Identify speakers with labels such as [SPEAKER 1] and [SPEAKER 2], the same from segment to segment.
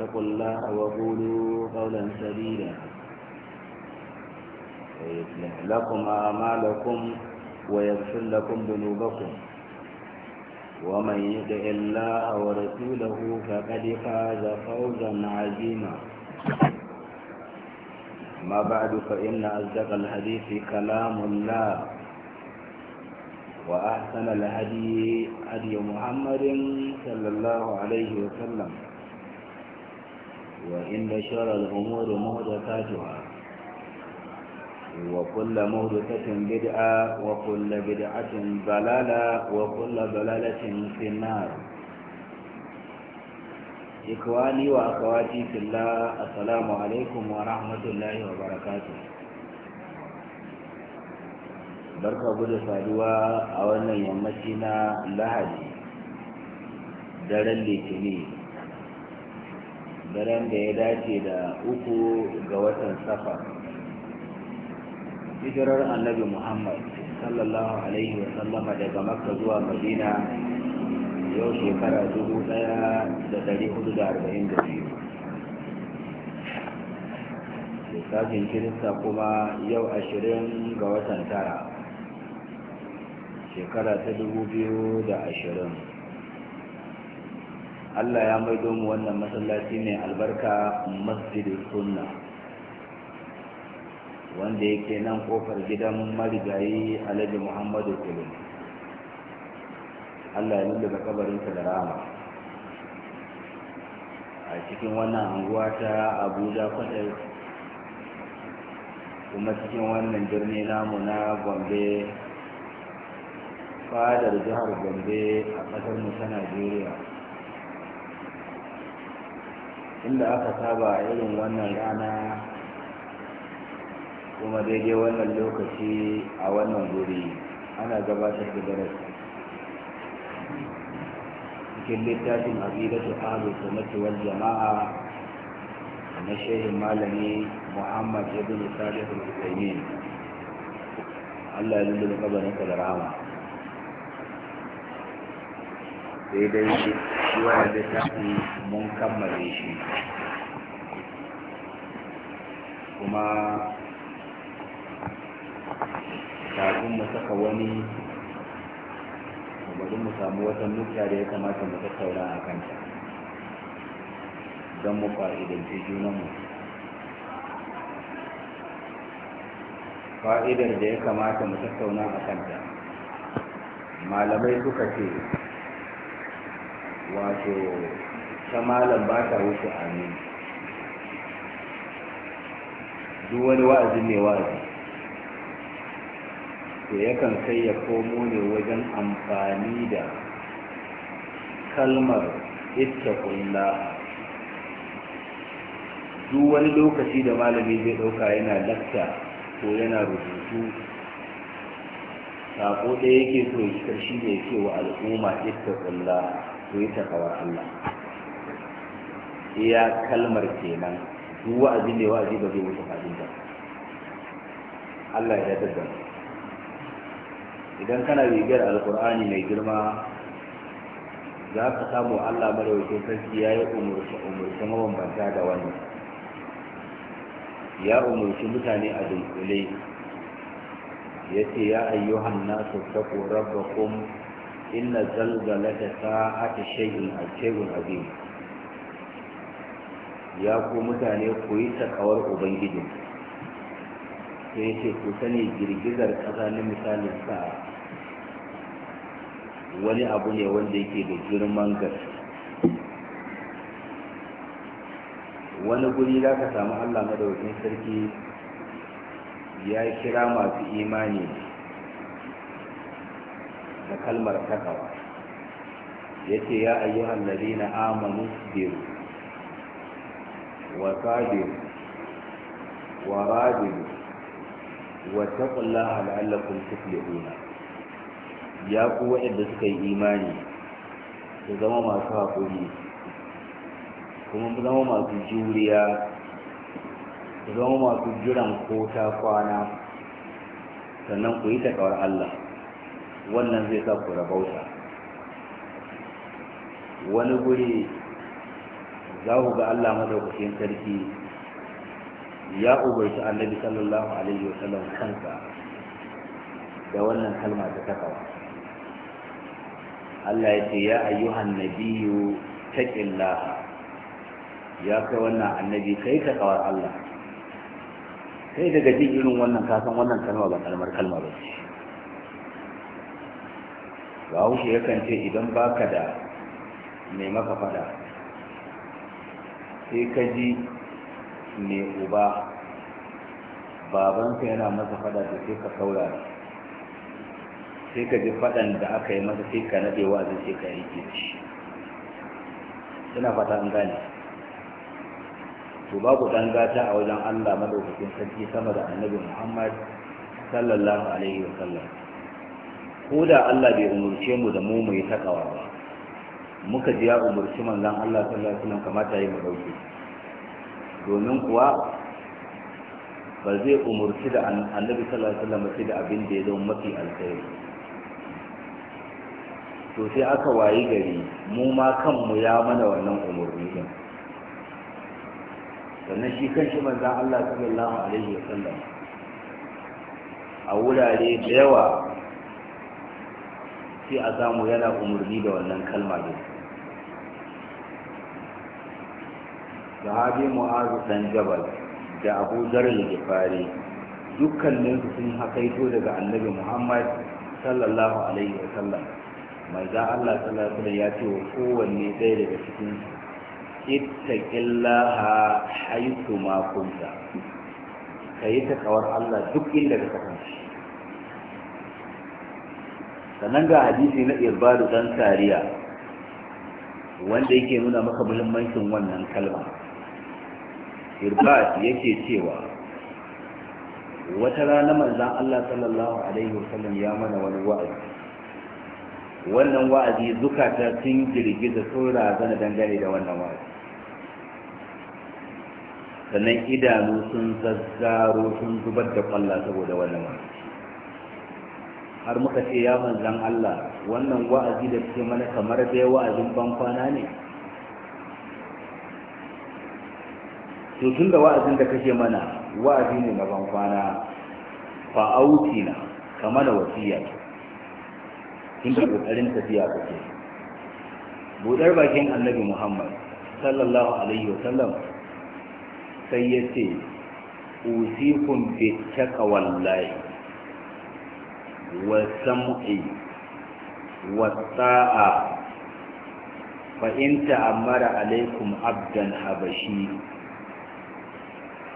[SPEAKER 1] واتقوا الله وقولوا قولا سديدا ويصلح لكم أعمالكم ويغفر لكم ذنوبكم ومن يطع الله ورسوله فقد فاز فوزا عظيما ما بعد فإن أصدق الحديث كلام الله وأحسن الهدي هدي محمد صلى الله عليه وسلم وإن شر الأمور مهدفاتها وكل مهدفة بدعة وكل بدعة ضلالة وكل ضلالة في النار إخواني وأخواتي في الله السلام عليكم ورحمة الله وبركاته barka gudu saduwa a wannan yammaci na lahadi daren litinin daren da ya dace da uku ga watan safa hijirar annabi muhammad sallallahu alaihi wasallama daga makka zuwa madina yau shekara dubu daya da dari hudu da arba'in da biyu lissafin kirista kuma yau ashirin ga watan tara shekara ta dubu biyu da ashirin Allah ya maido mu wannan masallaci mai albarka masjidin sunna wanda yake nan kofar gidan marigayi alhaji muhammadu kulun Allah ya lullaba kabarinsa da rama a cikin wannan anguwa ta abuja kwatar kuma cikin wannan birni namu na gombe fadar jihar gombe a ƙasar mu ta najeriya inda aka saba a irin wannan rana kuma daidai wannan lokaci a wannan guri ana gabatar da darasi cikin littafin abidatu ahlus sunnati wal jama'a na shehin malami muhammad ibn salih al-usaimin Allah ya lulluɓe da rahama daidai shi ta fi mun kammale shi kuma kafin mu saka wani bari mu samu wata nuka da ya kamata mu tattauna a kanta don mu fa'idanci junanmu fa'idar da ya kamata mu tattauna a kanta malamai suka ce wato ta malam ba ta wuce amin duk wani wa'azi ne wa'azi to yakan kai ya komo ne wajen amfani da kalmar Iska-Kulla. duk wani lokaci da malami zai ɗauka yana lakta ko yana rubutu sako ɗaya yake so shi ne ke wa al'umma iska-kulla. ku yi takawar Allah iya kalmar kenan duk wa'azi ne wa'azi ba zai wuce fadin ba Allah ya da idan kana rigar alkur'ani mai girma za ka samu Allah madawacin sarki ya yi umurce umurce mabambanta da wannan ya umurci mutane a dunkule ya ce ya ayyuhan nasu taku rabbakum inna zalzalata sa'ati shay'un shay'un azim ya ku mutane ku yi takawar ubangiji sai ce ku sani girgizar ƙasa na misalin sa'a wani abu ne wanda yake da girman gaske wani guri za ka samu allah madaukin sarki ya kira masu imani da kalmar takawa yace ya ayyuhan ladina amanu biru wa sabiru wa rabiru wa taqullaha la'allakum tuflihuna ya ku yadda suka yi imani su zama masu haƙuri kuma su zama masu juriya su zama masu jiran ko ta kwana sannan ku yi takawar Allah wannan zai sa ku rabauta wani guri za ku ga Allah madaukakin sarki ya ubarci annabi sallallahu alaihi wasallam kansa da wannan kalma ta takawa Allah ya ce ya ayyuhan nabiyyu taqillaha ya kai wannan annabi kai ka kawar Allah kai daga jin irin wannan kasan wannan kalma ba kalmar kalma ba ce ba wuce yakan ce idan baka da mai maka fada sai ka ji mai uba babansa yana masa fada da sai ka saura sai ka ji fadan da aka yi masa sai ka nade zai sai ka yi ke shi ina fata an gane to ku dan gata a wajen Allah madaukakin sarki sama da annabi Muhammad sallallahu alaihi wa sallam ko da Allah bai umurce mu da mu mu yi takawa ba muka ji ya umurci manzon Allah sallallahu alaihi wasallam kamata yi mu dauke domin kuwa ba zai umurci da annabi sallallahu alaihi wasallam sai da abin da ya zama mafi alkhairi to sai aka wayi gari mu ma kanmu ya mana wannan umurni din sannan shi kan shi manzon Allah sallallahu alaihi wasallam a wurare da yawa sai a samu yana umarni da wannan kalma ne sahabi mu'azu dan jabal da abu zarar gifari dukkanin su sun hakaito daga annabi muhammad sallallahu alaihi wa sallam mai za allah sallallahu alaihi ya ce wa kowanne ɗaya daga cikin ittaqillaha haythu ma kunta kayi takawar allah duk inda ka kasance sannan ga hadisi na irbadu dan tariya. wanda yake nuna maka muhimmancin wannan kalma irbadu yake cewa wata rana manzan Allah sallallahu alaihi wasallam ya mana wani wa'azi wannan wa'azi zukata sun girgiza tsora zana dangane da wannan wa'azi sannan idanu sun zazzaro sun zubar da kwalla saboda wannan wa'azi har muka ce ya manzan Allah wannan wa'azi da ke mana kamar dai wa'azin bankwana ne tutun da wa'azin da kake mana wa'azi ne na bankwana fa'autina kama da wasiya tun da kokarin tafiya kake buɗar bakin annabi muhammad sallallahu alaihi wasallam sai ya ce usikun bi taqwallahi والسمع والطاعة فإن تأمر عليكم عبدا حبشي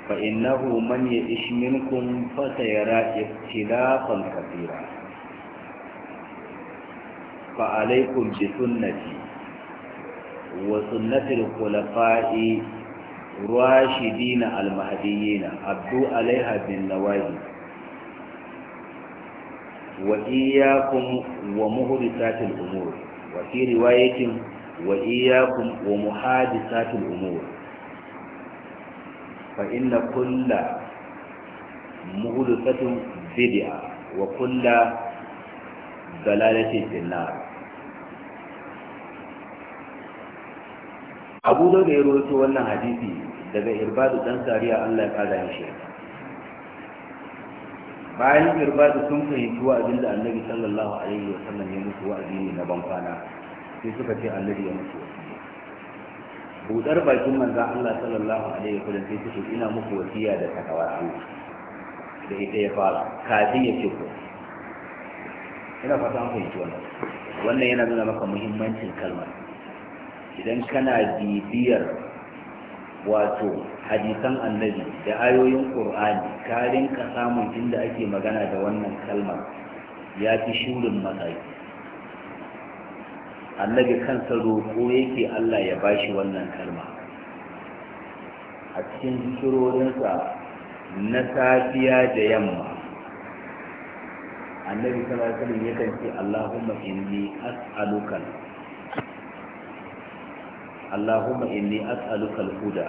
[SPEAKER 1] فإنه من يئش منكم فسيرى اختلافا كثيرا فعليكم بسنتي وسنة الخلفاء راشدين المهديين عبدوا عليها بالنواهي wa iyyakum wa muhdisatil umur wa fi riwayatin wa iyyakum wa muhadisatil umur fa inna kullu muhdisatin bid'a wa kullu dalalatin fil abu da ya rawaito wannan hadisi daga irbadu dan sariya Allah ya kada shi bayan da sun fahimci wa'azin da annabi sallallahu alaihi wa sallam ya mutu wa'azi ne na kwana, sai suka ce annabi ya musu budar bakin manzo Allah sallallahu alaihi wa sallam sai suka ina muku wasiya da takawar Allah da ita ya fara kafin ya ce ku ina fata an fahimci wannan wannan yana nuna maka muhimmancin kalmar idan kana bibiyar wato hadisan annabi da ayoyin ƙur'ani ka samun inda ake magana da wannan kalmar ya fi shurin matsayi annabi kansa roƙo yake allah ya bashi wannan kalma a cikin zikirorinsa na safiya da yamma annabi sallallahu alaihi wasallam yakan ce allahumma inni as'aluka اللهم إني أسألك الهدى huda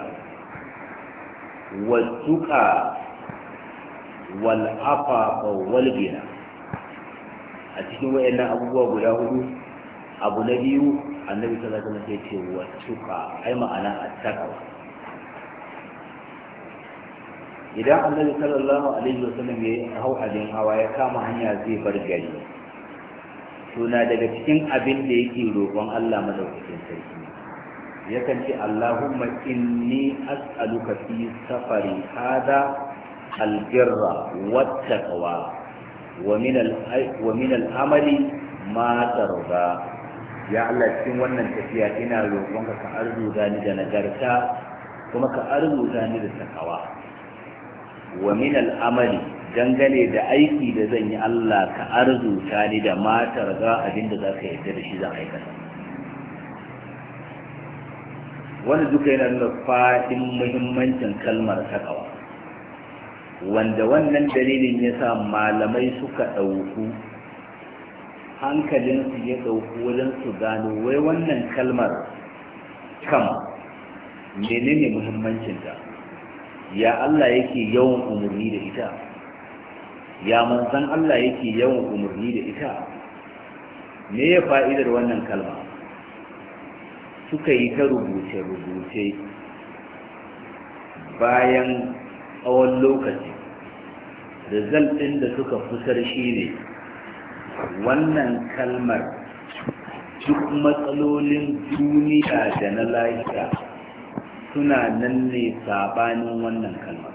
[SPEAKER 1] wal tuqa wal afafa wal أبو a cikin wayannan abubuwa guda hudu abu na biyu annabi sallallahu alaihi wasallam إذا النبي wal الله ai ma'ana هو taqwa idan annabi sallallahu alaihi wasallam suna abin hawa ya kama hanya zai bar gari to daga cikin abin da yake roƙon Allah madaukakin sarki yakan ce Allahumma inni as'aluka fi safari hada albirra wattaqwa wa min al wa min al-amali ma tarda ya Allah cikin wannan tafiya ina roƙonka ka arzuta ni da nagarta kuma ka arzuta ni da takawa wa min al-amali dangane da aiki da zan yi Allah ka arzuta ni da matar ga abinda zaka yarda da shi za zan aikata wanda duka yana nuna fa'in muhimmancin kalmar takawa wanda wannan dalilin ya sa malamai suka ɗauku hankalinsu ya ɗauku wajen su gano wai wannan kalmar kam menene muhimmancinta ya Allah yake yawan umarni da ita ya manzan Allah yake yawan umarni da ita me ya fa'idar wannan kalmar? suka yi ta rubuce-rubuce bayan tsawon lokaci da ɗin da suka fusar shi ne wannan kalmar duk matsalolin duniya da na lahira suna nan ne sabanin wannan kalmar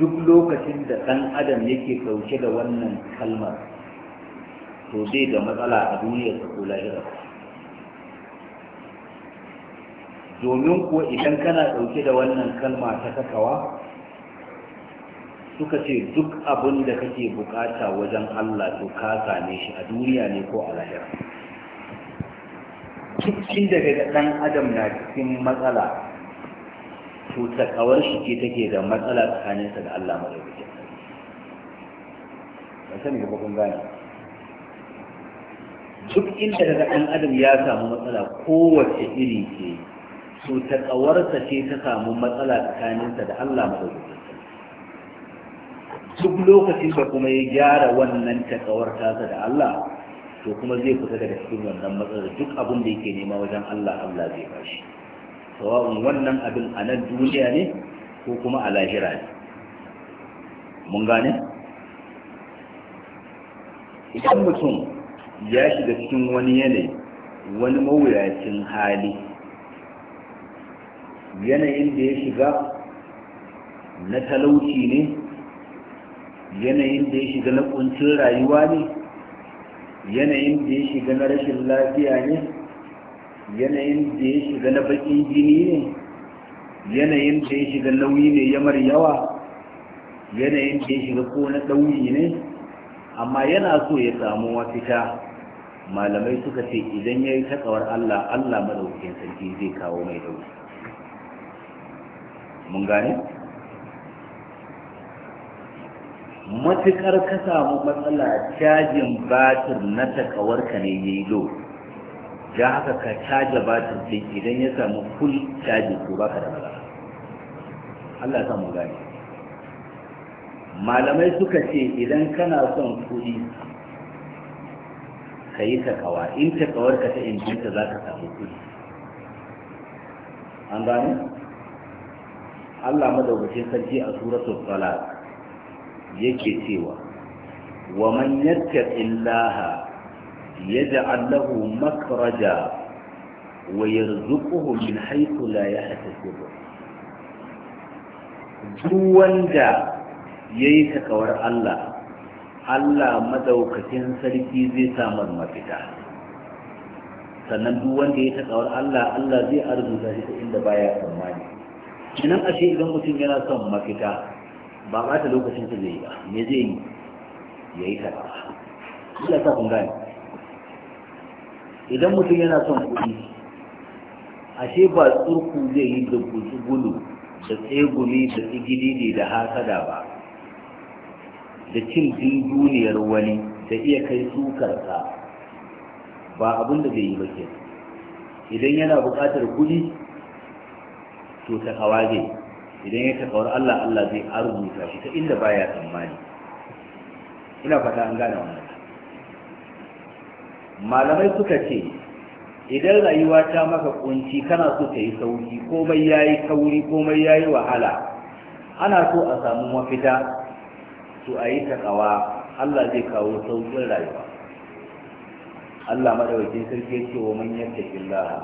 [SPEAKER 1] duk lokacin da ɗan adam yake ɗauke da wannan kalmar to zai da matsala a duniyar ta ko lahira domin ko idan kana ɗauke da wannan kalma ta takawa suka ce duk abin da kake bukata wajen Allah to ka same shi a duniya ne ko a lahira cikin daga ɗan adam na cikin matsala to takawar shi ce take da matsala tsakaninsa da Allah mai rikici ba sani ga kun duk inda daga ɗan adam ya samu matsala kowace iri ce to ta tsawarsa ce ta samu matsala tsakaninsa da Allah mai duk lokacin da kuma ya gyara wannan ta tsawar tasa da Allah to kuma zai fita daga cikin wannan matsalar duk abin da yake nema wajen Allah Allah zai shi sawa'un wannan abin a nan duniya ne ko kuma a lahira ne mun gane idan mutum ya shiga cikin wani yanayi wani mawuyacin hali yanayin da ya shiga na talauci ne yanayin da ya shiga na kuncin rayuwa ne yanayin da ya shiga na rashin lafiya ne yanayin da ya shiga na bakin jini ne yanayin da ya shiga nauyi ne yamar yawa yanayin da ya shiga ko na ɗauyi ne amma yana so ya samu mafita malamai suka ce idan ya yi takawar Allah Allah madaukakin sarki zai kawo mai dauki mun gane matuƙar ka samu matsala cajin batir na ka ne ya yi lo da haka ka caja batir din idan ya samu full caji ko baka da matsala Allah ya samu gane malamai suka ce idan kana son kuɗi ka yi takawa in takawar ka ta injinta za ka samu kuɗi an gane Allah madaukakin sarki a suratul talaq yake cewa wa man yattaqillaha yaj'al allahu makhraja wa yarzuquhu min haythu la yahtasib duk wanda yayi takawar Allah Allah madaukakin sarki zai samar mafita sannan duk wanda ya taƙawar Allah Allah zai arzuta shi ta inda baya tsammani kinan ashe idan mutum yana son mafita ba ba ta lokacin sa zai yi ba me zai yi ya yi ta Allah ta kun gane idan mutum yana son kuɗi ashe ba tsurku zai yi da gudu da tsegumi da tsigidi da hasada ba da cin duniyar wani da iya kai sukarsa ba abin da zai yi ba ke idan yana buƙatar kuɗi to ta zai idan ya takawar Allah Allah zai arzuta shi ta inda baya tsammani ina fata an gane wannan malamai suka ce idan rayuwa ta maka kunci kana so ta yi sauki komai yayi kauri komai yayi wahala ana so a samu mafita to a yi takawa Allah zai kawo saukin rayuwa Allah madaukakin sarki ya ce wa man yattaqillaha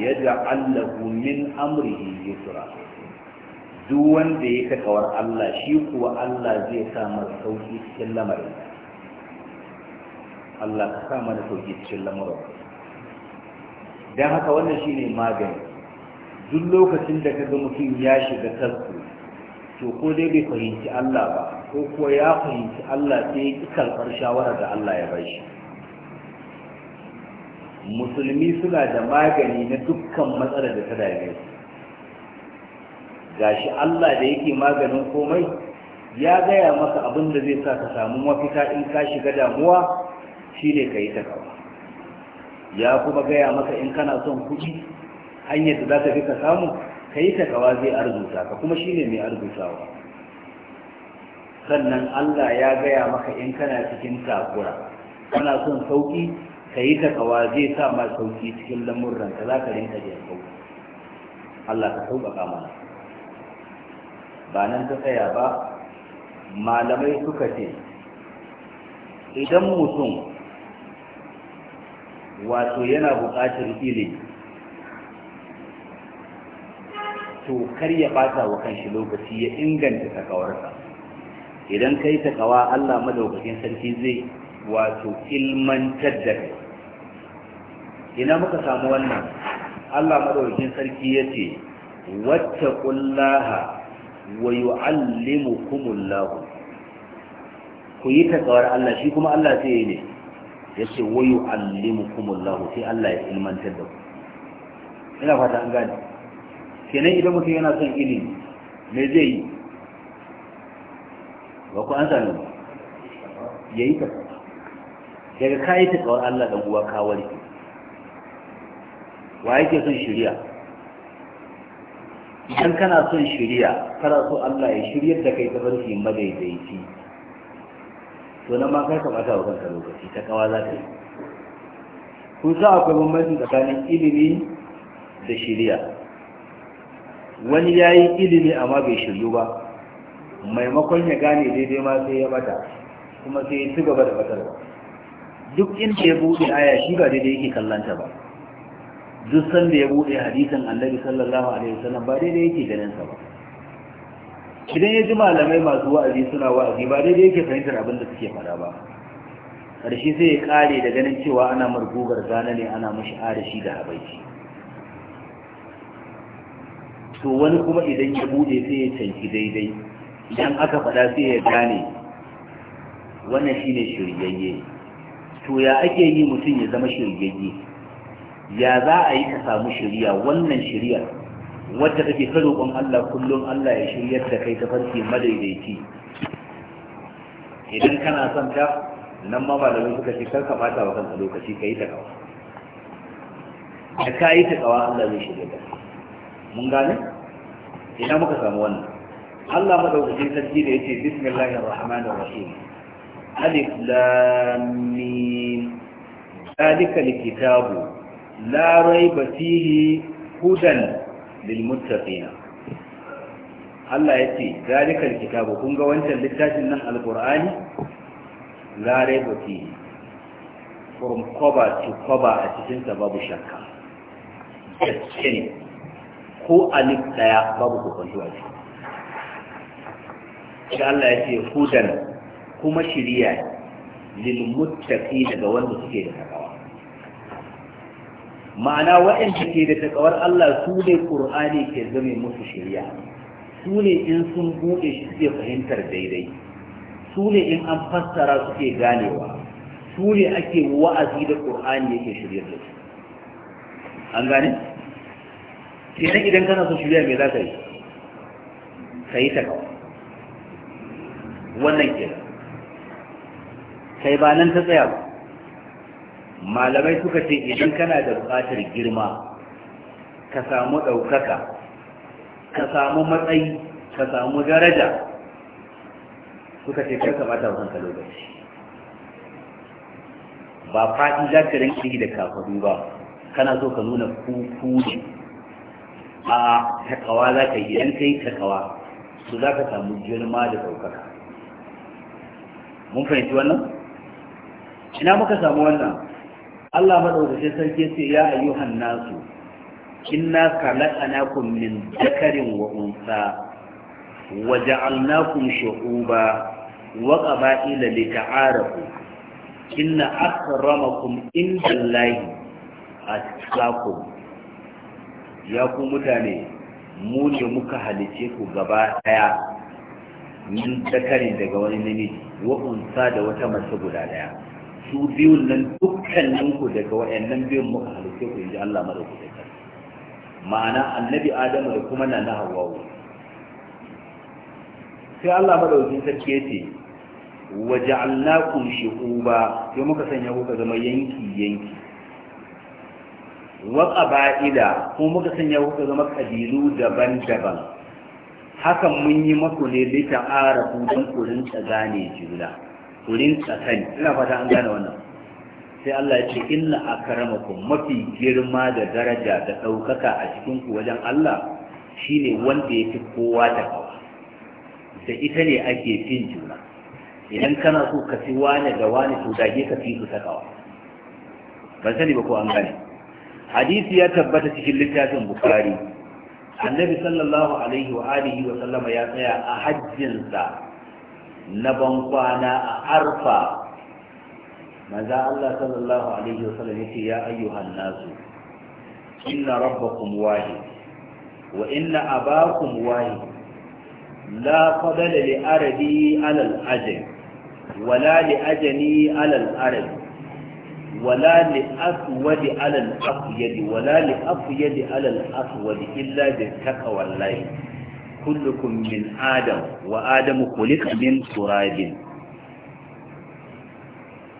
[SPEAKER 1] yaj'al lahu min amrihi yusra duk wanda ya takawar Allah shi kuwa Allah zai sa masa sauƙi cikin lamarin Allah ka sa mana sauƙi cikin lamarin dan haka wannan shine magani duk lokacin da kaga mutum ya shiga tarko to ko dai bai fahimci Allah ba ko kuwa ya fahimci Allah sai ya karɓar shawara da Allah ya bai shi musulmi suna da magani na dukkan matsalar da ta dame su gashi Allah da yake maganin komai ya gaya maka abin da zai sa ka samu mafita in ka shiga damuwa shine ka yi kawo ya kuma gaya maka in kana son kuɗi hanyar da za ka fi ka samu ka yi takawa zai arzuta ka kuma shine mai arzutawa sannan Allah ya gaya maka in kana cikin takura kana son sauki ka yi kawa zai sa ma sauki cikin lamurran ka za ka rinka jin sauki Allah ka sauƙaƙa mana ba nan ta tsaya ba malamai suka ce idan mutum wato yana buƙatar ilimi to kar ya ɓata wa kanshi lokaci ya inganta takawarsa idan kai takawa Allah madaukakin sarki zai wato ilmantar da kai ina muka samu wannan Allah madaukakin sarki yace wattaqullaha wa yu'allimukumullah ku yi takawar Allah shi kuma Allah sai yi ne yace wa yu'allimukumullah sai Allah ya ilmantar da ku ina fata an gane kenan idan mutum yana son ilimi me zai yi ba ku an sami ya yi ta daga ka yi ta kawar Allah ɗan uwa kawar ki wa yake son shirya idan kana son shirya kana so Allah ya shirya da kai ta barci madaidaici to nan ma kai kamata wa kanka lokaci ta kawa za ta yi kun sa akwai bambanci tsakanin ilimi da shirya wani ya yi ilimi amma bai shiryu ba maimakon ya gane daidai ma sai ya bata kuma sai ya ci gaba da ba. duk inda ya buɗe aya shi ba daidai yake kallanta ba duk sanda ya buɗe hadisin annabi sallallahu alaihi wasallam ba daidai yake ganin sa ba idan ya ji malamai masu wa'azi suna wa'azi ba daidai yake fahimtar abin da suke faɗa ba ƙarshe sai ya ƙare da ganin cewa ana margugar zana ne ana mashi adashi da habaici to wani kuma idan ya buɗe sai ya canki daidai idan aka faɗa sai ya gane wannan shine shiryayye to ya ake yi mutum ya zama shiryayye ya za a yi ka samu shiriya wannan shiriyar wadda take ta roƙon Allah kullum Allah ya shiryar da kai ta farki madaidaici idan kana son ta nan ma malamai suka ce kar ka bata wa kanka lokaci ka yi ta kawa da ka yi ta kawa Allah zai shirya da mun gane idan muka samu wannan Allah madaukakin sarki da yake bismillahir rahmanir rahim alif lam mim zalika likitabu la raiba fihi hudan lil muttaqin Allah yace zalika likitabu kun ga wancan littafin nan alqur'ani la raiba fihi from cover to cover a cikin sa babu shakka gaske ne ko alif daya babu kokonto a cikin shi Allah ya ce hudan kuma shiriya lil muttaqi daga wanda suke da takawa ma'ana waɗanda ke da takawar Allah su ne Qur'ani ke zame musu shiriya su ne in sun buɗe shi suke fahimtar daidai su ne in an fassara suke ganewa su ne ake wa'azi da Qur'ani yake shirya da su an gane kenan idan kana son shiriya me za ka yi ka yi takawa wannan kenan kai ba nan ta tsaya ba malamai suka ce idan kana da buƙatar girma ka samu ɗaukaka ka samu matsayi ka samu daraja suka ce kai kamata wa hanka lokaci ba faɗi za ka rinki da kafaɗu ba kana so ka nuna kuku ne a takawa za ka yi idan ka yi takawa su za ka samu girma da ɗaukaka mun fahimci wannan ina muka samu wannan Allah madaukakin sarki ya ya ayyuhan nasu inna khalaqnakum min dhakarin wa unsa wa ja'alnakum shu'uba wa qaba'ila lita'arafu inna akramakum indallahi atqakum ya ku mutane mu ne muka halice ku gaba daya min dakarin daga wani namiji wa unsa da wata mace guda daya su biyun nan dukkanin ku daga wayannan biyun muka halice ku inji Allah madaukakin sarki ma'ana annabi Adamu da kuma nana Hawwa sai Allah madaukakin sarki yace waja'alnakum shu'uba sai muka sanya ku zama yanki yanki wa qaba'ila kuma muka sanya ku zama kabilu daban-daban hakan mun yi maku ne bisa arafu don kurin ta gane juna kurin ta sani ina fata an gane wannan sai Allah ya ce inna akramakum mafi girma da daraja da ɗaukaka a cikin ku wajen Allah shine wanda yake kowa da kowa da ita ne ake fin juna idan kana so ka fi wani da wani to dage ka fi su kawa ban sani ba ko an gane hadisi ya tabbata cikin littafin bukari annabi sallallahu alaihi wa alihi wa sallama ya tsaya a hajjinsa na bankwana a arfa maza Allah sallallahu alaihi wa sallam yace ya ayyuhan nasu inna rabbakum wahid wa inna abakum wahid la fadala li arabi ala al ajam wala li ajami ala al arab wala li aswadi ala al afyadi wala li afyadi ala al aswadi illa bi taqwallahi kullukum min adam wa adamu khuliqa min turabin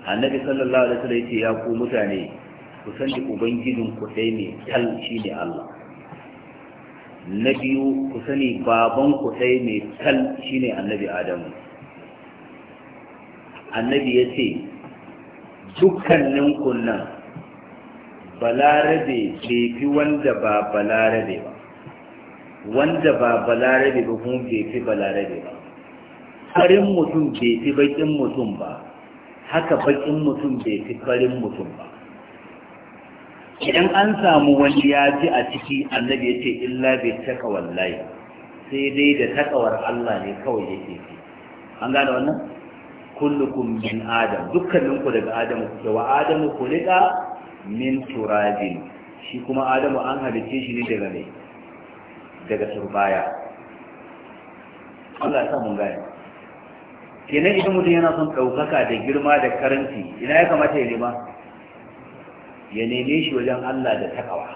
[SPEAKER 1] annabi sallallahu alaihi wasallam yace ya ku mutane ku san da ubangijin ku dai ne kal shine Allah na biyu ku sani baban ku dai ne kal annabi adamu annabi yace dukkanin kunnan balarabe bai fi wanda ba balarabe ba wanda ba balarabe ba kuma bai fi balarabe ba farin mutum bai fi bakin mutum ba haka bakin mutum bai fi farin mutum ba idan an samu wani ya ji a ciki annabi ya ce illa bai taka wallahi sai dai da takawar Allah ne kawai yake fi an gane wannan kullukum min adam dukkaninku daga adamu kuke wa adamu kulika min turabin shi kuma adamu an halice shi ne daga ne daga turbaya Allah ya sa mun gane kenan idan mutum yana son ɗaukaka da girma da karanci ina ya kamata ya nema ya neme shi wajen Allah da takawa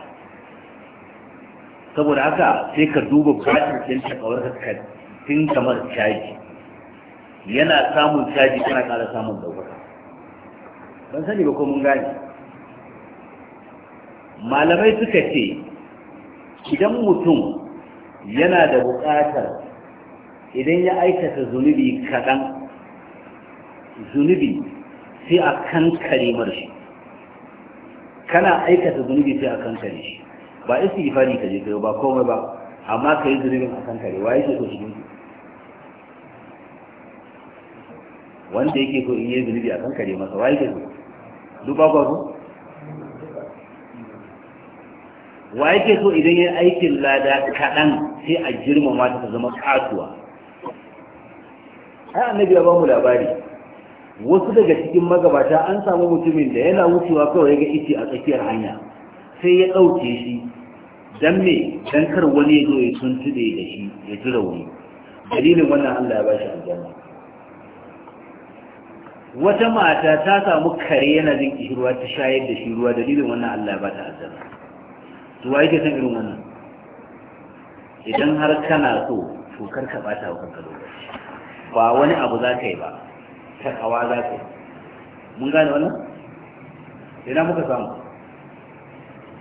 [SPEAKER 1] saboda haka sai ka duba batin ɗin takawar ka tun kamar shaji. yana samun caji kana ƙara samun daukaka ban sani ba ko mun gane malamai suka ce idan mutum yana da buƙatar idan ya aikata zunubi kaɗan zunubi sai a kan mar shi kana aikata zunubi sai a kan shi ba istighfari ka je kai ba komai ba amma ka yi zunubin a kan kare, waye yake so shi wanda yake so in yi zunubi a kan kare masa waye yake so duk ba ku ke so idan ya aikin lada kaɗan sai a mata ta zama katuwa ai annabi ya ba mu labari wasu daga cikin magabata an samu mutumin da yana wucewa kawai ga ice a tsakiyar hanya sai ya ɗauke shi dan me dan kar wani ya zo ya tuntube da shi ya ji rauni dalilin wannan Allah ya bashi aljanna wata mata ta samu kare yana zin kishirwa ta shayar da shirwa dalilin wannan Allah ba ta azaba to wai ke san irin wannan
[SPEAKER 2] idan har kana
[SPEAKER 1] so to kar ka bata wa ka lokaci ba wani abu za ka yi ba ta kawa za ka yi mun gane wannan idan muka samu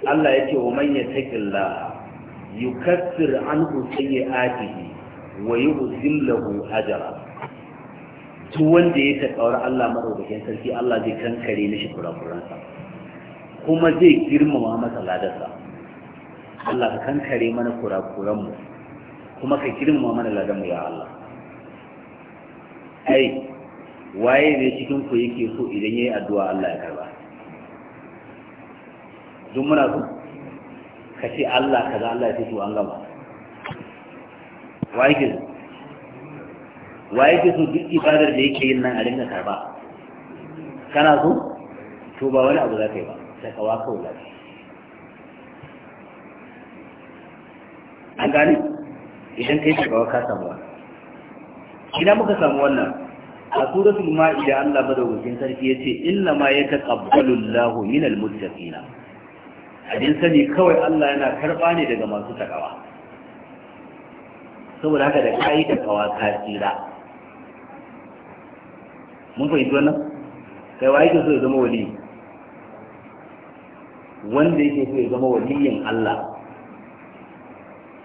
[SPEAKER 1] Allah ya ce wa man yattaqilla yukaffir anhu sayyi'atihi wa yuhzim lahu ajra Tun wanda ya taɓaura Allah maɗaukakin sarki Allah zai kankare mishi kuransa kuma zai girmama masa ladarsa Allah ka kankare mana kura-kuranmu, kuma ka girmama mana ladarmu ya Allah ai waye ne cikin ku yake so idan yayi addu'a Allah ya karba duk muna so ka ce Allah kaza Allah ya fito an gama waye ke wa yake so duk ibadar da yake yin nan a rinka karba kana so to ba wani abu za ka yi ba ta kawa kawai za an gane idan kai ta kawa ka samu idan muka samu wannan a suratul ma'ida Allah madaukakin sarki yace inna ma yataqabbalu Allahu minal muttaqin abin sani kawai Allah yana karba ne daga masu takawa saboda haka da kai takawa ka tsira mun fahimci wannan kai wa yake so ya zama wali wanda yake so ya zama waliyin Allah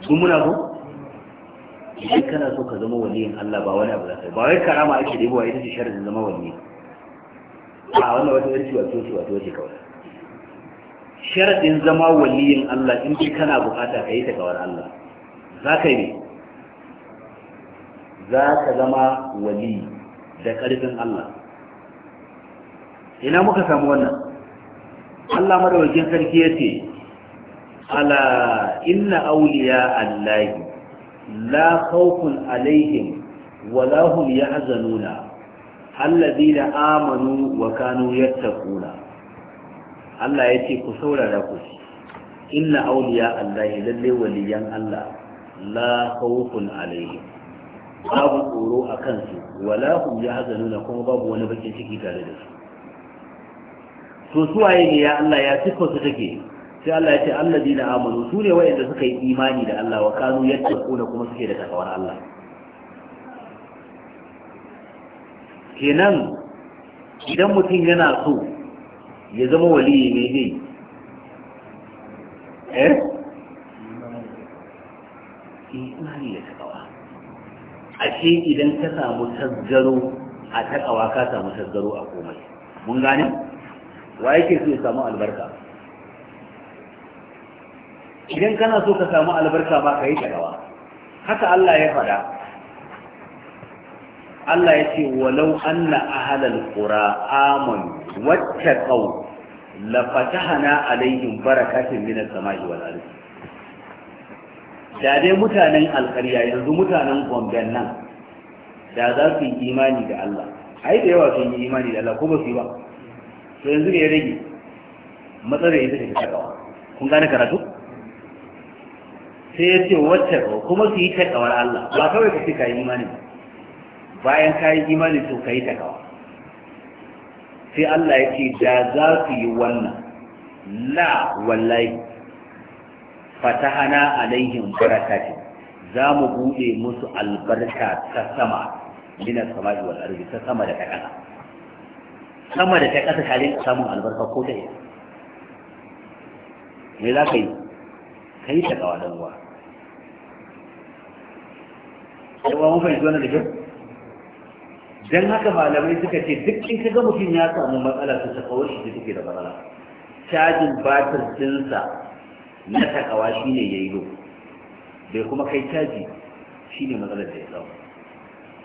[SPEAKER 1] sun muna so idan kana so ka zama waliyin Allah ba wani abu za ka ba wai karama ake da yawa ita ce sharadin zama wali a wannan wata wani ciwa ciwa ciwa ciwa ce kawai sharadin zama waliyin Allah in dai kana bukata ka yi ta kawar Allah za ka yi za ka zama wali da ƙarfin Allah ina muka samu wannan Allah madawakin sarki ya ce ala inna auliya allahi la khawfun alaihim wala hum yahzanuna da amanu wa kanu yattaquna Allah ya ce ku saurara ku inna auliya allahi lalle waliyan Allah la khawfun alaihim babu tsoro a kansu wala hum nuna kuma babu wani bakin ciki tare da su to suwaye ne ya Allah ya sifa su take sai Allah ya ce alladina amanu su ne wayanda suka yi imani da Allah wa kanu yattaquna kuma suke da takawar Allah kenan idan mutum yana so ya zama waliyi ne zai eh imani ya ashe idan ka samu tasgaro a takawa ka samu tasgaro a komai mun gane wa yake so ya samu albarka idan kana so ka samu albarka ba ka yi takawa haka Allah ya faɗa Allah ya ce walau anna ahlal qura amanu wattaqau la fatahna alaihim barakatun minas samai wal ardi da dai mutanen alƙarya yanzu mutanen gomben nan da za su yi imani da Allah ai da yawa sun yi imani da Allah ko ba su yi ba to yanzu ne ya rage matsalar ita ce ta takawa kun gane karatu sai ya ce wacce kuma su yi takawar Allah ba kawai ka fi ka yi imani bayan ka yi imani to ka yi takawa sai Allah ya ce da za su yi wannan la wallahi fatahana alaihim barakati za mu bude musu albarka ta sama min as-sama'i wal ardi ta sama da ta sama da ta kasa kalin samun albarka ko dai me za ka yi kai ta kawa dan ruwa. sai ba mun fahimci wannan da kyau dan haka malamai suka ce duk in ka ga mutum ya samu matsala to ta kawo shi da take da matsala cajin batir dinsa na takawa shi ne ya yi lo bai kuma kai caji shi ne matsalar da ya samu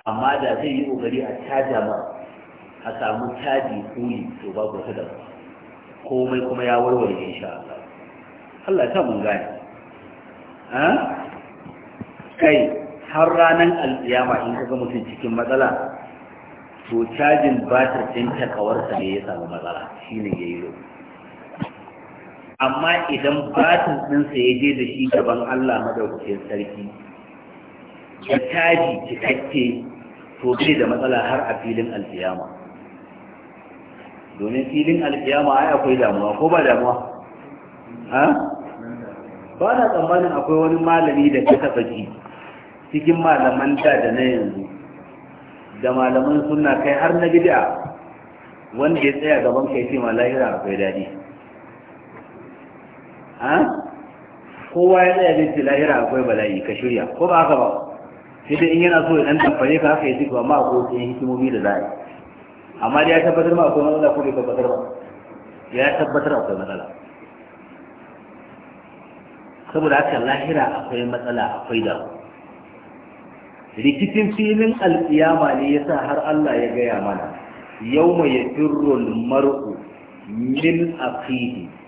[SPEAKER 1] amma da zai yi ƙoƙari a caja ma a samu caji kuli to ba wata da komai kuma ya warware ya sha Allah Allah ta mun gane kai har ranar alƙiyama in kaga mutum cikin matsala to cajin batir ɗin takawarsa ne ya samu matsala shine ya yi lo amma idan batin ɗinsa ya je da shi gaban Allah madaukakin sarki ya taji cikakke to bai da matsala har a filin alfiyama domin filin alfiyama ai akwai damuwa ko ba damuwa ha ba na tsammanin akwai wani malami da ka taɓa ji cikin malaman da da na yanzu da malaman sunna kai har na gida wanda ya tsaya gaban kai ce ma lahira akwai daɗi kowa ya tsaye zai ce lahira akwai bala'i ka shirya ko ba haka ba sai dai in yana so ya dan tamfare ka haka ya ce amma ko wasu hikimomi da za'a yi amma dai ya tabbatar ma akwai matsala ko bai tabbatar ba ya tabbatar akwai matsala saboda haka lahira akwai matsala akwai da rikicin filin alƙiyama ne ya sa har Allah ya gaya mana yau mai ya firrul mar'u min akhihi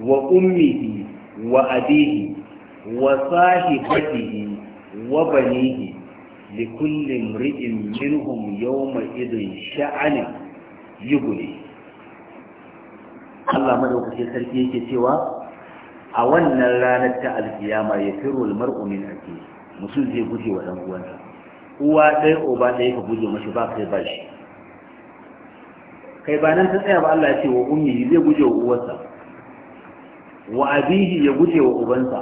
[SPEAKER 1] wa ummihi wa abihi wa sahibatihi wa banihi li kulli imri'in minhum yawma idin sha'ani yughni Allah madaukakin sarki yake cewa a wannan ranar ta alkiyama ya firu almar'u min ake mutum zai guje wa dan uwansa uwa ɗaya uba ka guje mashi ba kai ba shi kai ba nan ta tsaya ba Allah ya ce wa ummi zai guje wa uwarsa wa abihi ya guje wa ubansa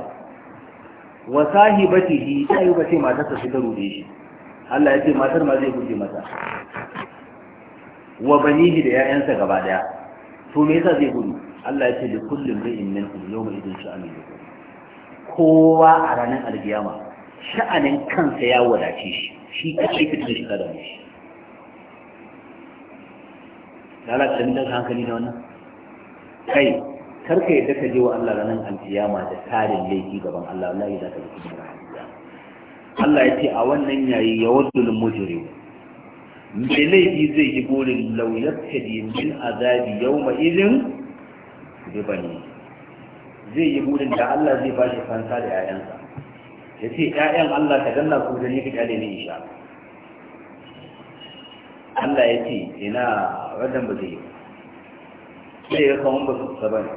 [SPEAKER 1] wa sahibatihi ta yi bace matarsa su garu da shi Allah ya ce matar ma zai guje mata wa banihi da ƴaƴansa gaba daya to me yasa zai gudu Allah ya ce da kullum ri'in minkum yawma idin sha'ani kowa a ranar alkiyama sha'anin kansa ya wadace shi shi kace fitin shi kada shi lalata da hankali da wannan kai karka yadda ka je wa Allah ranar alkiyama da tarin laifi gaban Allah wallahi za ka yi cikin rahama Allah ya ce a wannan yayi ya waddul mujrim mai laifi zai yi burin lauyar kadi min azabi yau ma izin ne. zai yi burin da Allah zai ba shi fansa da 'ya'yansa ya ce 'ya'yan Allah ka danna ku da ni ka kyale ni insha Allah ya ce ina wannan ba zai yi sai ya kawo ba su saba ne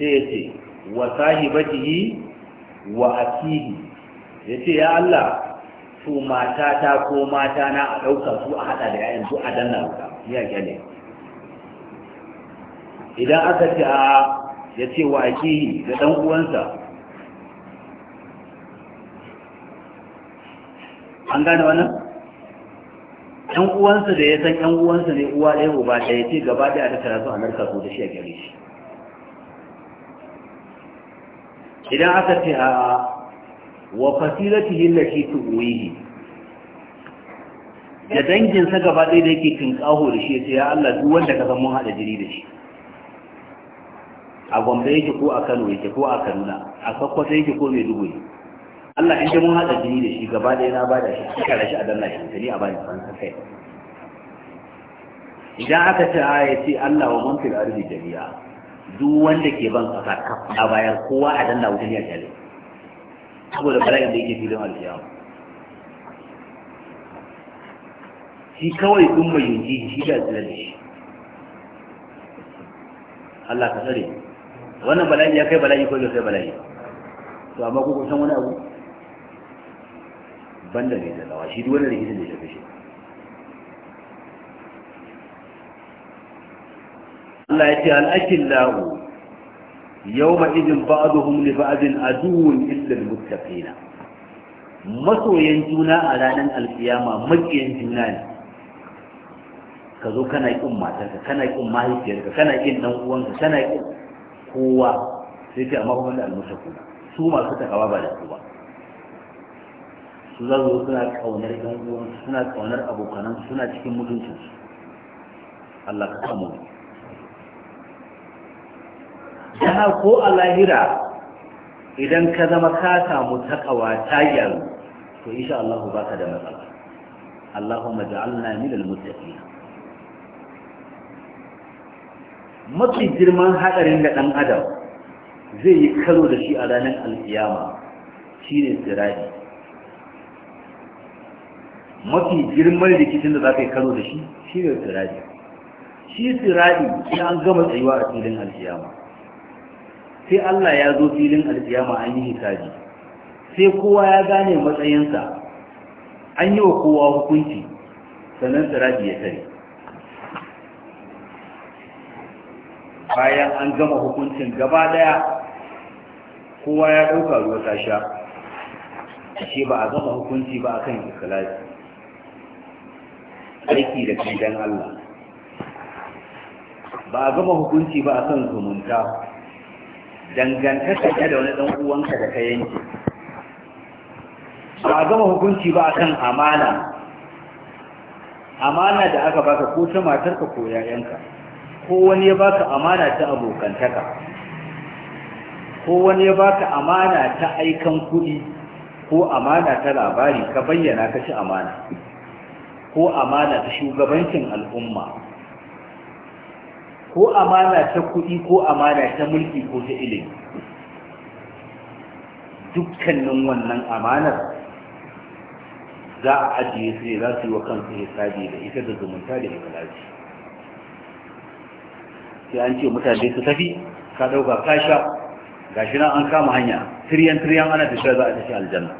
[SPEAKER 1] sai ya ce wa sahibatihi wa akihi ya ce ya Allah su ta ko mata na a ɗauka su a haɗa da yayin su a danna wuta ya gyale idan aka ce a ya ce wa akihi da ɗan uwansa an gane wannan ɗan uwansa da ya san ɗan uwansa ne uwa ɗaya uba ɗaya ce gaba ɗaya da karatu a narka su da shi a gare shi idan aka ce a wa fasilatihi lati tuwihi da danginsa gaba ɗaya da yake tinkaho da shi sai ya Allah duk wanda ka zama haɗa jiri da shi a Gombe yake ko a Kano yake ko a Kaduna a Sokoto yake ko mai ne. Allah in mun haɗa jini da shi gaba ɗaya na bada shi suka rashi a danna shi tani a bani san kai idan aka ce a ya ce Allah wa man fil ardi jami'a duk wanda ke ban kasa a bayar kowa a danna wutan a jale saboda bala'in da yake filin alkiyama shi kawai kun mai yunji shi da tsirar da shi Allah ka tsare wannan bala'i ya kai bala'i ko bai kai bala'i to amma kuka san wani abu banda ne da lawa shi duk wani rikicin da ya shafe shi Allah ya ce al'akin yawma Yau ba'duhum li ba'din aduwwun illa al-muttaqin masoyan juna a ranar alkiyama makiyan juna ne ka zo kana ƙin matarka kana ƙin mahaifiyarka kana kin dan uwanka kana kin kowa sai ce amma kuma da almuttaqin su masu ta takawa ba da kowa su za su suna ƙaunar yan uwansu suna ƙaunar abokanan suna cikin mutuncinsu Allah ka samu ne da ko a lahira idan ka zama ka samu takawa ta gyaru to insha Allah ba ka da matsala Allahumma ja'alna min al-muttaqin mafi girman hadarin da dan adam zai yi karo da shi a ranar alkiyama shine sirari mafi girman rikicin da za ka yi karo da shi shine sirari shi sirari shi an gama tsayuwa a filin alkiyama sai Allah ya zo filin alkiyama an yi hisabi sai kowa ya gane matsayinsa an yi wa kowa hukunci sannan siraji ya tare bayan an gama hukuncin gaba daya kowa ya ɗauka ruwa ta sha ashe ba a gama hukunci ba akan ikilasi aiki da don Allah ba a gama hukunci ba akan zumunta dangantaka da wani dan uwanka da ka yanke ba a gama hukunci ba akan amana amana da aka baka ko ta matarka ko yayanka ko wani ya baka amana ta abokantaka ko wani ya baka amana ta aikan kuɗi ko amana ta labari ka bayyana ka ci amana ko amana ta shugabancin al'umma ko amana ta kuɗi ko amana ta mulki ko ta ilimi dukkanin wannan amanar za a ajiye su ne za su yi wa kansu hisabi da ita da zumunta da ikhlasi sai an ce mutane su tafi ka ɗauka ka sha shi nan an kama hanya tiryan tiryan ana tafiya za a tafi aljanna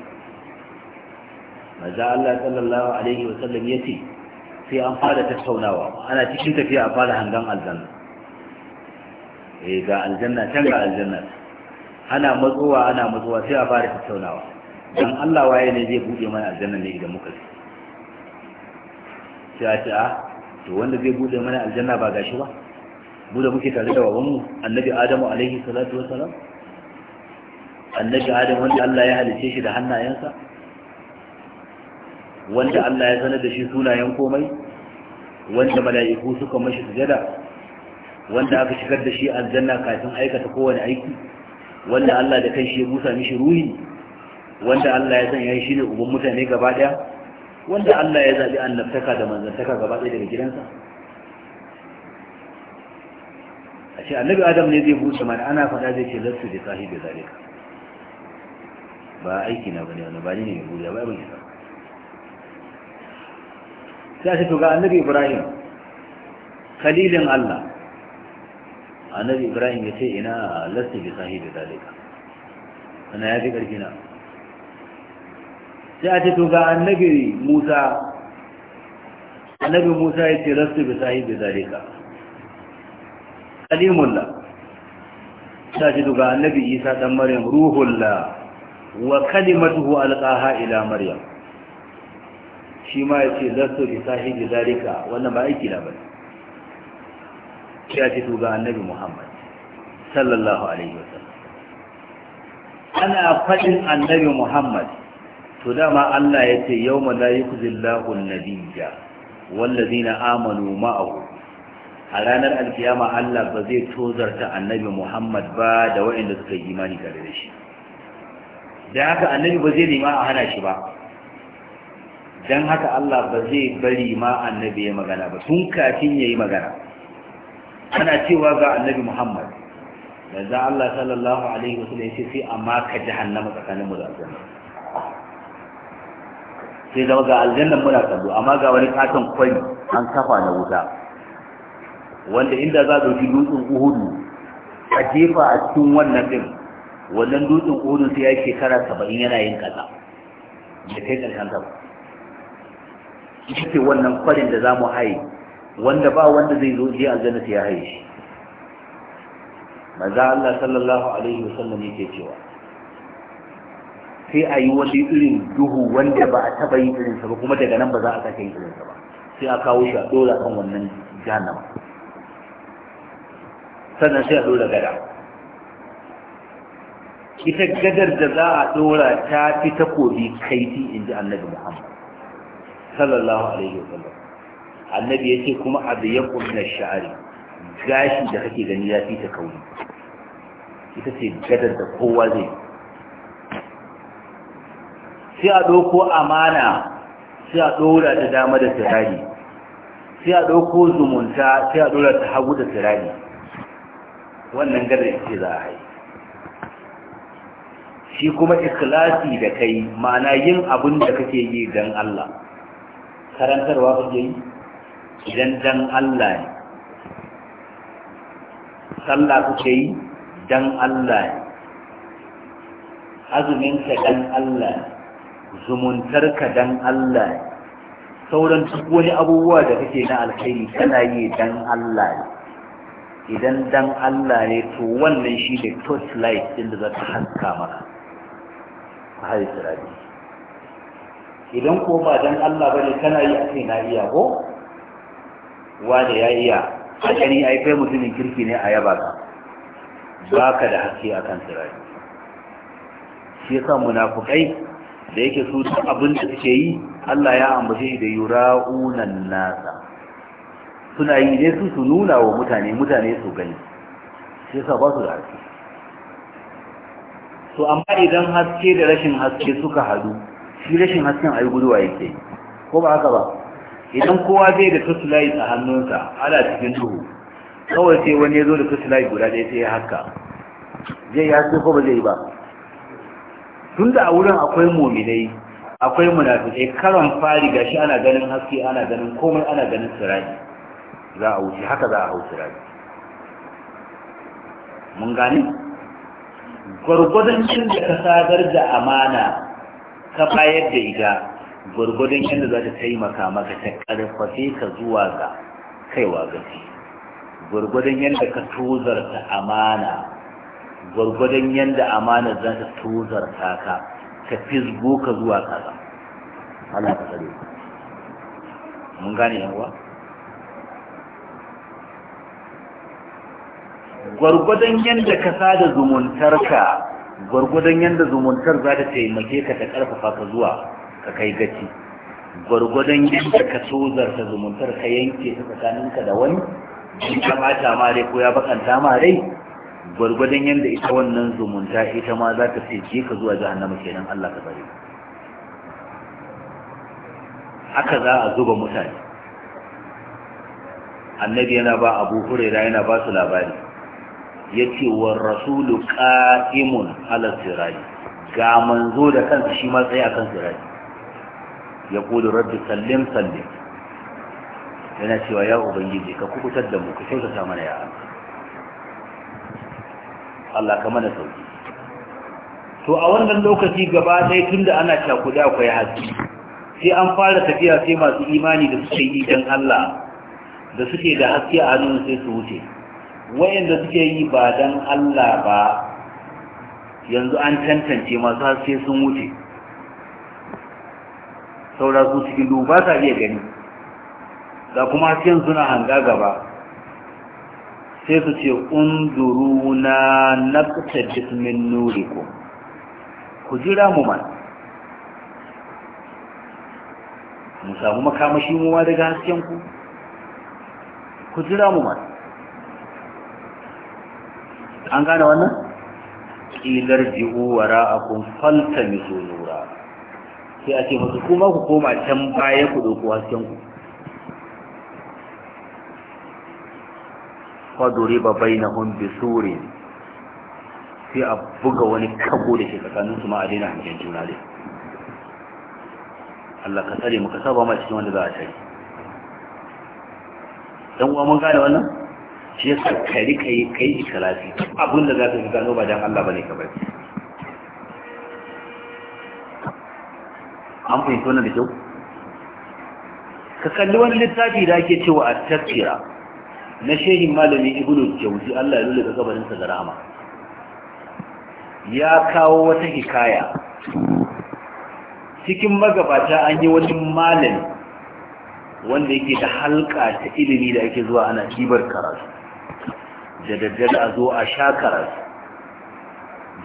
[SPEAKER 1] maza Allah sallallahu alaihi wa sallam yace sai an fara tattaunawa ana cikin tafiya a fara hangan aljanna eh ga aljanna can ga aljanna ana matsowa ana matsowa sai a fara tattaunawa dan Allah waye ne zai bude mana aljanna ne idan muka ci sai a ce a ah, to wanda zai bude mana aljanna ba gashi ba mu da muke tare da babanmu annabi adamu alaihi salatu wassalam annabi adam wanda Allah ya halice shi da hannayensa wanda Allah ya sanar da shi sunayen komai wanda mala'iku suka mashi sujada wanda aka shigar da shi aljanna kafin aikata kowane aiki wanda Allah da kanshi ya busa mishi ruhi wanda Allah ya sanya shi ne uban mutane gaba daya wanda Allah ya zabi annabtaka da manzantaka gaba daya daga gidansa a ce annabi adam ne zai busa mana ana faɗa zai ce lassu da sahibi zalika ba aiki na bane wani ba ne ne buriya ba ban yi sai a ce to ga annabi ibrahim khalilin Allah annabi ibrahim ya ce ina lasta bi sahibi dalika ana ya fi ƙarfi na sai a ce to ga annabi musa annabi musa ya ce lasta bi sahibi dalika kalimullah sai a ce to ga annabi isa dan maryam ruhullah wa kalimatuhu alqaha ila maryam shi ma ya ce lasta bi sahibi dalika wannan ba aiki na ya fito ga annabi Muhammad sallallahu alaihi ana faɗin annabi Muhammad to dama Allah ya ce yau ma la yukzillahu an-nabiyya wallazina amanu ma'ahu a ranar alkiyama Allah ba zai tozarta annabi Muhammad ba da waɗanda suka yi imani tare da shi da haka annabi ba zai nema a hana shi ba dan haka Allah ba zai bari ma annabi ya magana ba tun kafin yayi magana ana cewa ga annabi muhammad manzo Allah sallallahu alaihi wasallam ya ce sai amma ka jahannama tsakanin mu da aljanna sai zama ga aljanna muna tsaro, amma ga wani katon kwai an kafa na wuta wanda inda za a ɗauki dutsen uhudu a jefa a cikin wannan ɗin, wannan dutsen uhudu sai ya shekara saba'in yana yin ƙasa, da kai karshen ta ita ce wannan kwarin da za mu haye wanda ba wanda zai zo je aljanna ya haye shi manzo Allah sallallahu alaihi wasallam yake cewa sai ayi wani irin duhu wanda ba a taba yi sa ba kuma daga nan ba za a sake irin sa ba sai a kawo shi a dora kan wannan jahannama sannan sai a dora gada ita gadar da za a dora ta fi takobi kaiti in ji annabi muhammad sallallahu alaihi wasallam annabi ya ce kuma abu ya na sha'ari gashi da kake gani ya fi ta kauri ita ce gadar da kowa zai sai a ɗauko amana sai a ɗora ta dama da tirari sai a ɗauko zumunta sai a ɗora ta hagu da tirari wannan gadar ce za a yi shi kuma Ikilasi da kai ma'ana yin abin da kake yi don Allah karantarwa kake yi idan dan Allah ne sallah kuke yi dan Allah ne azuminka dan Allah ne zumuntarka dan Allah ne sauran duk wani abubuwa da kake na alkhairi kana yi dan Allah ne idan dan Allah ne to wannan shi da torch light din da za ta haska maka a idan ko ba dan Allah bane kana yi a kai na iya ko wane ya iya hakani ai kai mutumin kirki ne a yaba ka ba ka da haske a kan sirari shi yasa munafukai da yake su ta abin da suke yi Allah ya ambace da yura'unan nasa suna yi ne su su nuna wa mutane mutane su gani shi yasa ba su da haske to amma idan haske da rashin haske suka hadu shi rashin hasken ayi guduwa yake ko ba haka ba idan kowa zai da tusulayi a hannunsa ana cikin duhu kawai sai wani ya zo da tusulayi guda ɗaya sai ya haka zai ya haske ko ba zai ba tun da a wurin akwai mominai akwai munafikai karon fari gashi ana ganin haske ana ganin komai ana ganin siraji. za a wuce haka za a hau siraji. mun gane gwargwadon cin da ka sadar da amana ka bayar da ita gwargwadon yadda za ta taimaka maka ta ƙarfafe ka zuwa ga kaiwa gaci gwargwadon yadda ka tuzarta amana gwargwadon yadda amana za ta tozarta ka ta fisgo ka zuwa kaza Allah ka tsare mun gane yawa gwargwadon yadda ka sada zumuntarka gwargwadon yadda zumuntar za ta taimake ka ta ƙarfafa ka zuwa ka kai gaci gwargwadon yadda ka sozar ta zumuntar ka yanke ta tsakaninka da wani in ka bata ma dai ko ya bakanta ma dai gwargwadon yadda ita wannan zumunta ita ma za ta fice ka zuwa jahannama kenan Allah ka bari haka za a zuba mutane annabi yana ba abu da yana ba su labari ya ce wa rasulu ƙa'imun ala sirari ga manzo da kansa shi ma tsaye kan sirari ya kudu rabbi sallim sallim yana cewa ya ubangiji ka kubutar da mu ka kyautata mana ya Allah ka mana sauki to a wannan lokaci gaba ɗaya tunda ana cakuda akwai haske sai an fara tafiya sai masu imani da suke yi don Allah da suke da haske a hannun sai su wuce wayanda suke yi ba don Allah ba yanzu an tantance masu haske sun wuce saura su cikin duhu ba sa iya gani ga kuma hasken suna hanga gaba sai su ce unduru na naqta jismin nurikum ku jira mu man mu samu makamashi mu ma daga hasken ku ku jira mu man an gane wannan kilar ji'u wara'akum faltamisu nura sai a ce masu kuma ku koma can baya ku ɗauko hasken ku kwadori bai na hundu suri sai a buga wani kago da ke tsakanin su ma a daina hangen juna dai Allah ka tsare muka saba ma cikin wanda za a shari. dan uwa mun gane wannan shi yasa kai kai kai ikhlasi abin da za ka gano ba dan Allah bane ka bari an fahimci wannan da kyau ka kalli wani littafi da ake cewa a tafsira na shehin malami ibnu jauzi Allah ya lulluɓe sa da rahama ya kawo wata hikaya cikin magabata an yi wani malami wanda yake da halka ta ilimi da ake zuwa ana ɗibar karatu da daddare a zo a sha karatu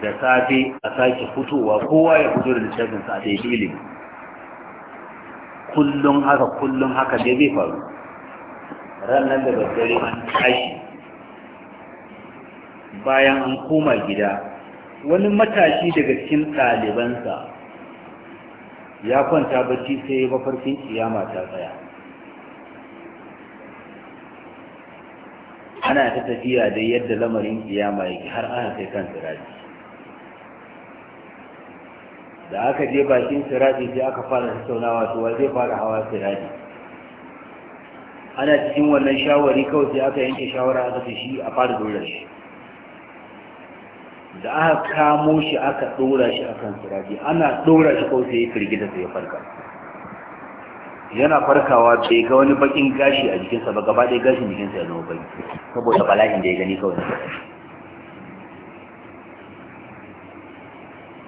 [SPEAKER 1] da safe a sake fitowa kowa ya fito da littafinsa a ta yi ilimi kullum haka kullum haka dai zai faru ranar da daddare an tashi bayan an koma gida wani matashi daga cikin ɗalibansa ya kwanta bacci sai ya mafarkin kiyama ta tsaya ana ta tafiya dai yadda lamarin kiyama yake har ana kai kan tsiraji da aka je bakin siraji sai aka fara tattaunawa to wai zai fara hawa siraji. ana cikin wannan shawari kawai sai aka yanke shawara aka ce shi a fara dora shi da aka kamo shi aka dora shi akan siraji, ana dora shi kawai sai ya firgita sai ya farka yana farkawa bai ga wani bakin gashi a jikinsa ba gaba ɗaya gashin jikinsa ya zama bai saboda bala'in da ya gani kawai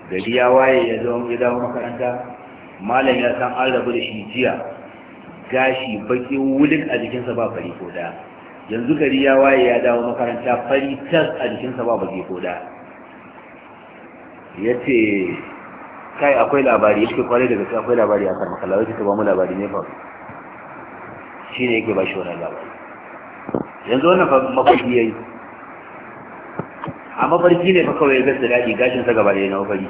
[SPEAKER 1] gari ya waye ya zo ya dawo makaranta malam ya san an rabu da shi jiya gashi baki wulik a jikinsa ba fari ko da yanzu gari ya waye ya dawo makaranta fari tas a jikinsa ba baki ko da ya ce kai akwai labari yake kwarai daga gaske akwai labari a kan makalawa yake ba mu labari ne ba shi ne yake ba shi wannan labari yanzu wannan mafi ya yi a mafarki ne fa ya ga daji gashin sa gaba ɗaya na wafari,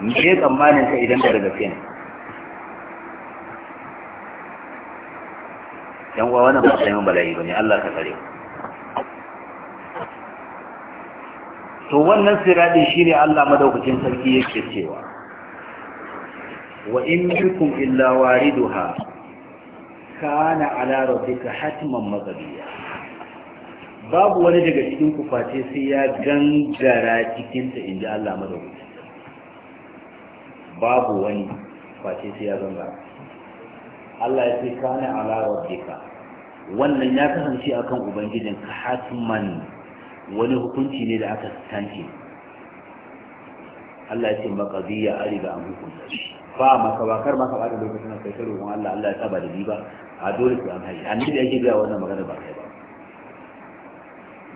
[SPEAKER 1] me tsammanin ka idan da gaske ne yan uwa wannan ba sai mun bala'i bane Allah ka tsare to wannan siradi shine Allah madaukakin sarki yake cewa wa in minkum illa wariduha kana ala rabbika hatman maqdiya babu wani daga cikin kuface sai ya gangara cikinta in ji Allah madaukakin babu wani kuface sai ya gangara Allah ya sai kana ala rabbika wannan ya kasance akan ubangijin ka hatman wani hukunci ne da aka tanke Allah ya ce maqdiya ariga an hukunta shi ba maka ba kar maka ba da lokacin kai karo Allah Allah ya saba da ni ba a dole ku an haji annabi yake ga wannan magana ba kai ba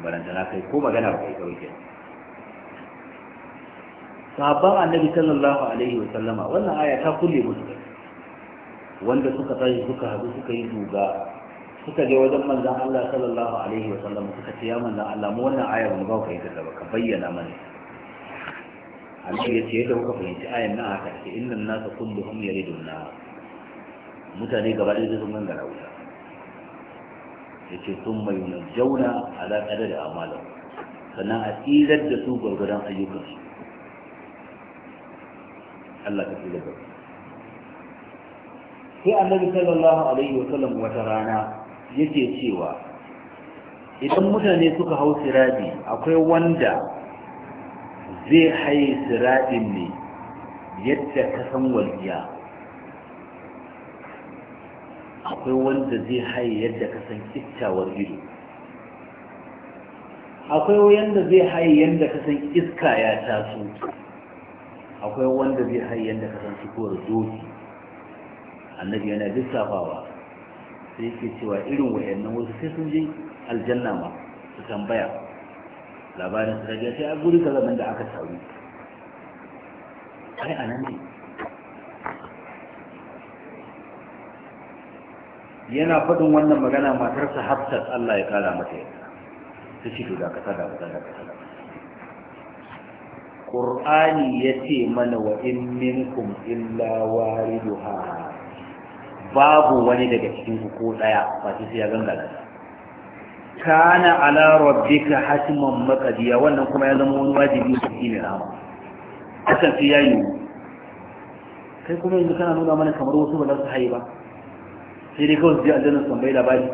[SPEAKER 1] barantana kai ko magana ba kai kawai ke sahabban annabi sallallahu alaihi wa sallama wannan aya ta kulle musu wanda suka tashi suka haɗu suka yi duga suka je wajen manzan Allah sallallahu alaihi wa sallam suka ce ya manzan Allah mu wannan aya ba mu ba ku yi kaza ba ka bayyana mana Allah ya ce yadda kuka fahimci ayan nan haka ce innan nasa kulluhum yaridun nar mutane gaba ɗaya sun gangara wuta ya ce sun mai jauna a ƙada da amalan sannan a tsirar da su gwargwadon ayyukansu Allah ta fi daga sai annabi sallallahu alaihi wa sallam wata rana yake cewa idan mutane suka hau sirabi akwai wanda zai haye siradin ne yadda ka san walƙiya akwai wanda zai haye yadda ka san kittawar ido akwai wanda zai haye yadda ka san iska ya taso akwai wanda zai haye yadda ka san sukuwar doki annabi yana lissafawa sai ke cewa irin wayannan wasu sai sun je aljanna ma su tambaya labarin su daga sai a guri kaza da aka sauri ai anan ne yana faɗin wannan magana matarsa hafsat Allah ya kara mata yadda ta ci da ka tada ka tada ka tada Qur'ani ya ce mana wa in minkum illa wariduha babu wani daga cikin ku ko daya ba sai ya gangara kana ala rabbika hatiman maqdiya wannan kuma ya zama wani wajibi su ne rama hakan sai yayi kai kuma yanzu kana nuna mana kamar wasu ba za su haye ba sai dai kawai su je aljanna su tambayi labari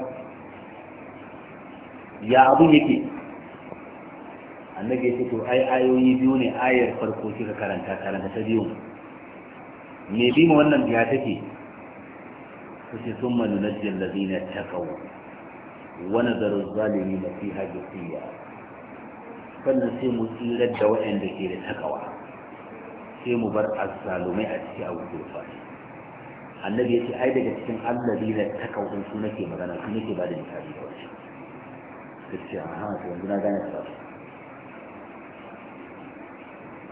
[SPEAKER 1] ya abun yake annabi ya ce to ai ayoyi biyu ne ayar farko kika karanta karanta ta biyu me bi ma wannan biya take kace sun manu na jin lazina ta kawo wani zarar zalimi na fi hajjiyya sannan sai mu tsirar da waɗanda ke da takawa sai mu bar azzalumai a ciki a wuce fasi annabi ya ce ai daga cikin allazi na takawun su nake magana su nake ba da misali ba shi kace aha to yanzu na gane ta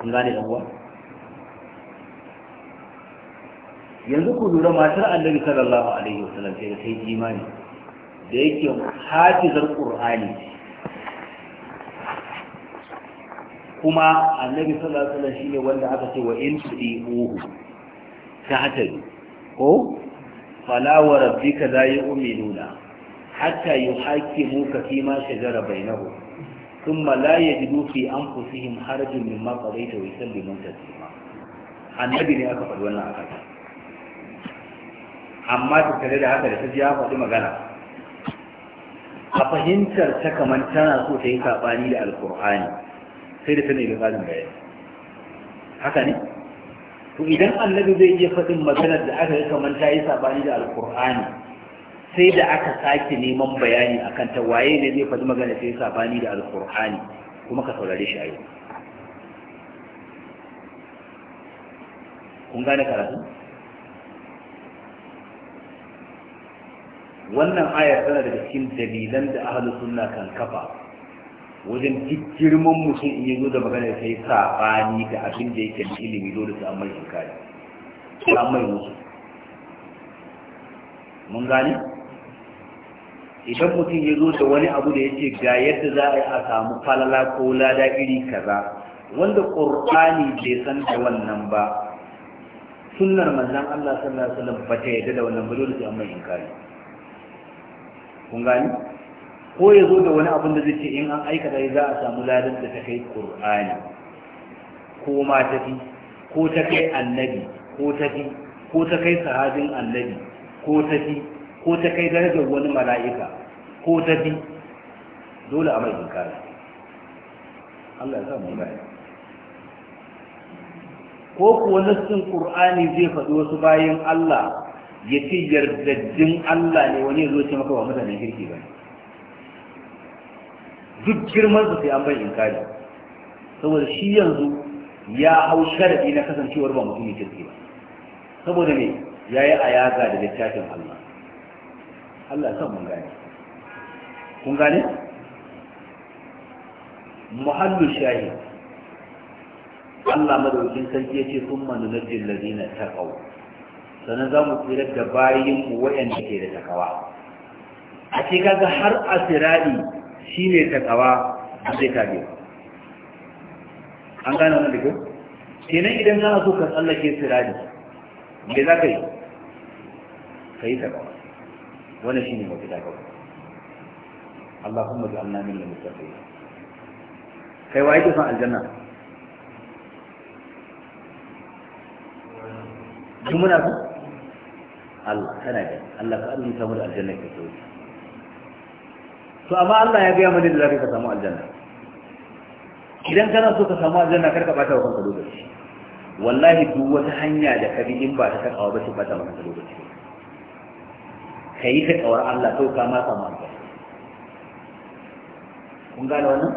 [SPEAKER 1] kun gane dan uwa yanzu ku lura matar annabi sallallahu alaihi wasallam sai sai imani da yake hafizar qur'ani kuma annabi sallallahu alaihi wasallam shine wanda aka ce wa in tudihu ta hatari ko fala wa rabbika la yu'minuna hatta ka fi ma shajara bainahum thumma la yajidu fi anfusihim harajan mimma qadaita wa yusallimu taslima annabi ne aka faɗi wannan aka amma ta tare da haka da ta ji ya faɗi magana a fahimtar ta kamar tana so ta yi saɓani da alkur'ani sai da ta ga tsarin bayani haka ne to idan annabi zai iya faɗin maganar da aka yi kamar ta yi sabani da alkur'ani sai da aka sake neman bayani akan ta waye ne zai faɗi magana sai sabani da alkur'ani kuma ka saurare shi a kun gane karatu wannan ayar tana daga cikin dalilan da ahlus sunna kan kafa wajen duk girman mutum iya zo da magana sai bani, da abin da yake da ilimi dole su amma yin kari su amma musu mun gani? idan mutum ya zo da wani abu da yake ga yadda za a yi a samu falala ko lada iri kaza wanda ƙur'ani bai san da wannan ba sunnar manzon Allah sallallahu alaihi wasallam ba ta yadda da wannan ba dole su amma inkari kun gani ko ya zo da wani abin da zai ce in an aikata za a samu ladin da ta kai ƙur'ani ko ma ta fi ko ta kai annabi ko ta fi ko ta kai sahabin annabi ko ta fi ko ta kai darajar wani mala'ika ko ta fi dole a mai inkara Allah ya sa mu gani ko kuwa nassin Qur'ani zai faɗi wasu bayan Allah ya ce yardajjin Allah ne wani zo ce maka ba mutanen kirki ba ne duk girman su sai an bar inkari saboda shi yanzu ya hau sharadi na kasancewar ba mutumin kirki ba saboda me yayi ayaga da littafin Allah Allah san mun gane kun gane muhallu shahi Allah madaukin sarki yace na nunajjil ladina taqaw sanan za mu tsira da bayin waɗanda ke da takawa a ce kaga har Asirai. shi ne takawa a zai biyu an gane wani ko kenan idan za a so ka tsallake sirari me za ka yi ka yi takawa Wani shi ne Allah kuma Allahumma Allah min al-muttaqin kai wa yake son aljanna Jumuna muna Allah kana da Allah ka alunta mu da aljanna ke sauki. to amma Allah ya gaya mana da zaka samu aljanna idan kana so ka samu aljanna kar ka bata wa kanka lokaci wallahi duk wata hanya da ka bi in ba ta takawa ba ce bata maka lokaci ka yi ka kawar Allah kawai ka ma samu aljanna kun gane wannan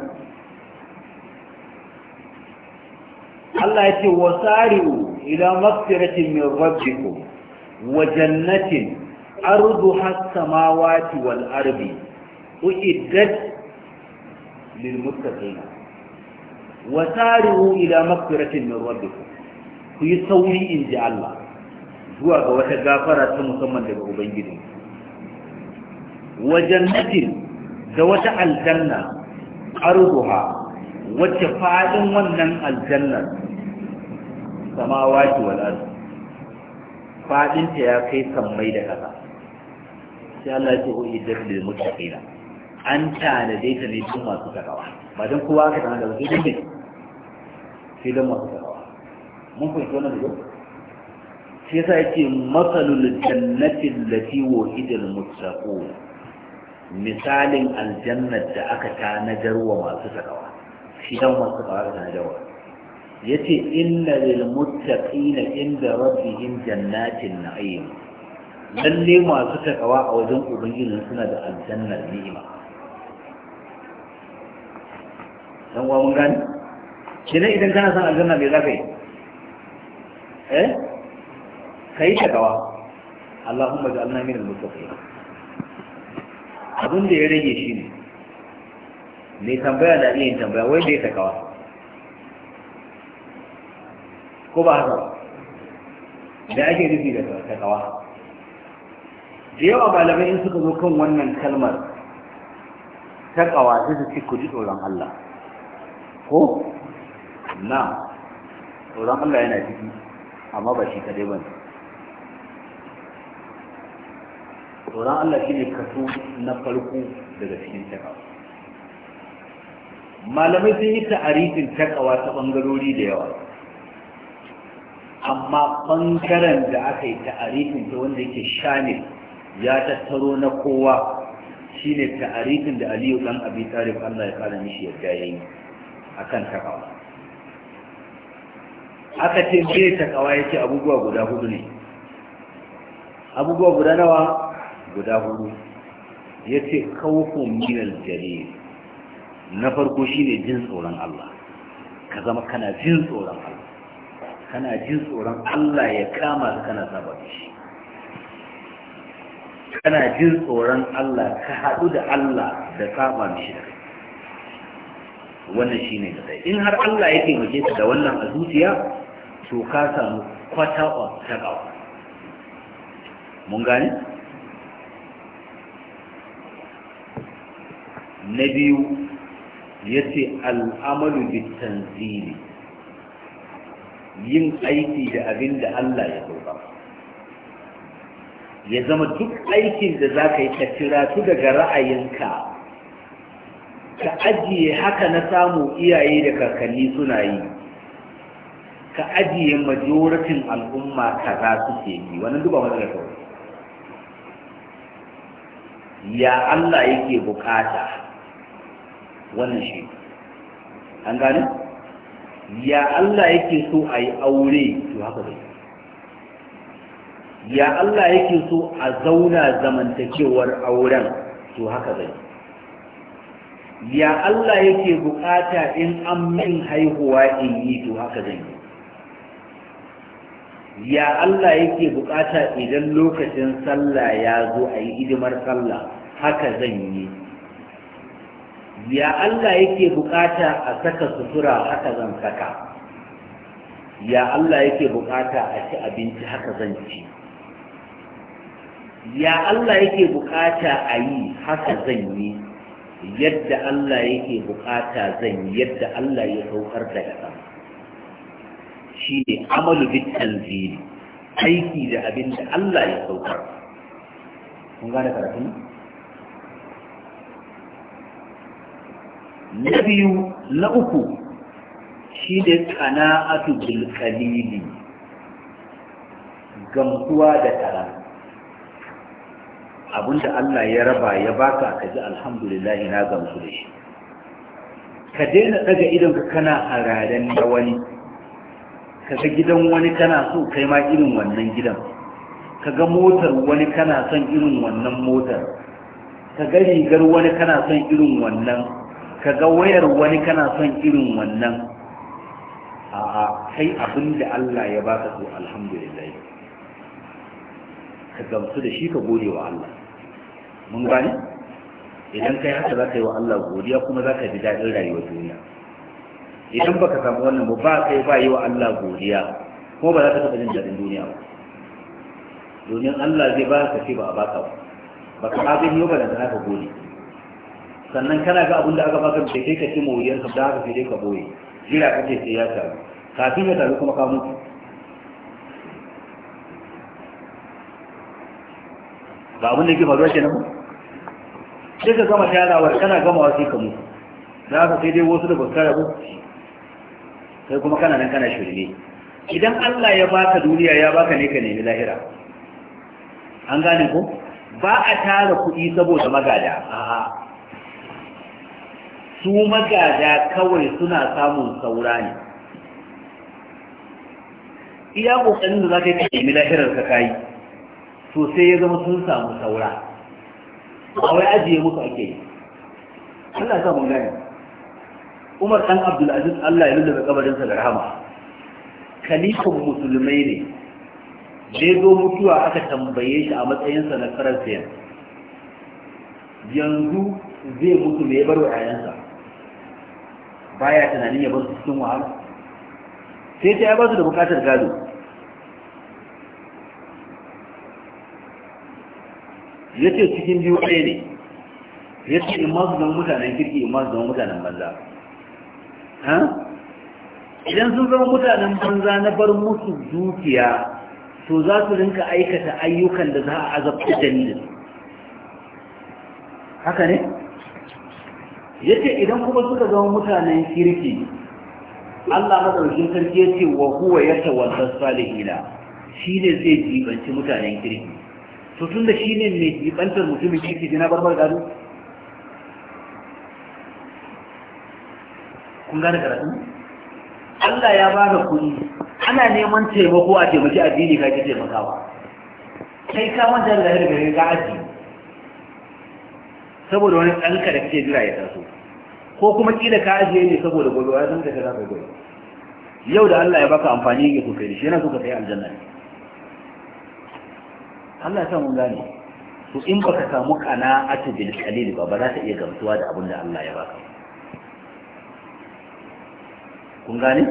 [SPEAKER 1] Allah ya ce wa sari'u ila maghfiratin min rabbikum wa jannatin arduha as-samawati wal ardi أعدت للمتقين وسارعوا إلى مغفرة من ربكم في سوري إن جاء الله zuwa ga wata gafara ta musamman daga Ubangiji. Wajannatin da wata aljanna arduha wacce faɗin wannan aljannar samawati wal ardi faɗinta ya kai sammai da ƙasa sai Allah an tanade ta ne masu takawa ba don kowa ka tanada da sai don ne sai don masu takawa mun fahimci wannan da sai yasa yake matsalul jannatin lati wahidul muttaqun misalin aljannar da aka tanadar wa masu takawa shi dan masu takawa ka tanadar wa yace inna lil muttaqina inda rabbihim jannatin na'im lalle masu takawa a wajen ubangijin suna da aljannar ni'ima dan uwa mun gani ne idan kana son aljanna mai za eh ka yi takawa Allahumma ja'alna min al-muttaqin abin da ya rage shi ne mai tambaya da iya yin tambaya wai bai ta takawa ko ba haka da ake rufi da takawa da yawa malamai in suka zo kan wannan kalmar ta sai su ci ku ji tsoron Allah ko na tsoron Allah yana ciki amma ba shi kadai ba tsoron Allah shi ne kaso na farko daga cikin takawa malamai sun yi ta'arifin takawa ta ɓangarori da yawa amma ɓangaren da aka yi ta'arifin ta wanda yake shamil ya tattaro na kowa shine ta'arifin da aliyu ɗan abi talib Allah ya kara mishi yadda ya yi akan takawa aka ce zai takawa yake abubuwa guda hudu ne abubuwa guda nawa guda hudu ya ce kawfin minal jari na farko shine jin tsoron Allah ka zama kana jin tsoron Allah kana jin tsoron Allah ya kama su kana saba da shi kana jin tsoron Allah ka haɗu da Allah da saba mishi da wannan shine kadai in har Allah ya taimake ka da wannan a zuciya to ka samu kwata of takawa. mun gane na biyu ce al'amalu bitanzili yin aiki da abin da Allah ya dauka ya zama duk aikin da za ka yi ka su daga ra'ayinka ka ajiye haka na samu iyaye da kakanni suna yi ka ajiye majoratin al'umma kaza suke yi wannan duba wani da kawai ya Allah yake bukata wannan shi an gane ya Allah yake so a yi aure to haka zai ya Allah yake so a zauna zamantakewar auren to haka zai ya Allah yake bukata in an min haihuwa in yi to haka zan yi ya Allah yake bukata idan lokacin sallah ya zo a yi hidimar sallah haka zan yi ya Allah yake bukata a saka sutura haka zan saka ya Allah yake bukata a ci abinci haka zan ci ya Allah yake bukata a yi haka zan yi yadda Allah yake bukata zan yadda Allah ya saukar da ya shi ne amalu bi tanzili aiki da abin da Allah ya saukar kun gane na biyu na uku shi ne qana'atu bil qalili gamsuwa da karam abinda Allah ya raba ya baka ka ji alhamdulillah na gamsu da shi ka daina daga ka kana hararen da wani ka ga gidan wani kana so kai ma irin wannan gidan ka ga motar wani kana son irin wannan motar ka ga rigar wani kana son irin wannan ka ga wayar wani kana son irin wannan a'a kai abin da Allah ya baka so alhamdulillah ka gamsu da shi ka gode wa Allah mun gane idan kai haka za ka yi wa Allah godiya kuma za ka ji daɗin rayuwar duniya idan baka samu wannan ba kai ba yi wa Allah godiya kuma ba za ka taɓa jin daɗin duniya ba domin Allah zai ba ka ce ba a baka ba ka abin yau ba da za ka gode sannan kana ga abin da aka baka bai kai ka ci ka, da haka sai dai ka boye jira ce sai ya taru kafin ya taru kuma ka mutu ba abin da ke faruwa ke nan sai ka gama gyarawa kana gama wasu ka mutu da sai dai wasu da ba su kara ba sai kuma kana nan kana shirme idan Allah ya baka duniya ya baka ne ka nemi lahira an gane ko ba a tara kuɗi saboda magada su magada kawai suna samun saura ne iya ƙoƙarin da za ka yi ka nemi lahirar ka kayi to sai ya zama sun samu saura ba wai ajiye muku ake yi Allah ya mun gani. Umar dan Abdul Aziz Allah ya lulluɓe kabarin sa da rahama kalifan musulmai ne da zo mutuwa aka tambaye shi a matsayin sa na Faransiya yanzu zai mutu me bar wa yayansa baya tunanin ya bar su cikin wahala sai ta ya ba su da bukatar gado ya ce cikin biyu ɗaya ne ya ce in masu zama mutanen kirki in masu zama mutanen banza idan sun zama mutanen banza na bar musu dukiya to za su rinka aikata ayyukan da za a azabta dalilin haka ne ya ce idan kuma suka zama mutanen kirki Allah madaukin sarki ya ce wa huwa ya tawalla salihina shi ne zai jibanci mutanen kirki su tun da shi ne mai jibantar mutumin kirki jina barbar gado kun gane karatu Allah ya ba da kuɗi ana neman taimako a taimaki addini ka ki taimakawa kai ka manta da lahir gari ka aji saboda wani ɗanka da kake jira ya taso ko kuma kila ka ajiye ne saboda gobe ya san da ka za ka gobe yau da Allah ya baka amfani ya kokari shi yana so ka sai aljanna ne Allah ta mun gane to in baka samu qana'atu bil qalil ba ba za ta iya gamsuwa da abin da Allah ya baka kun gane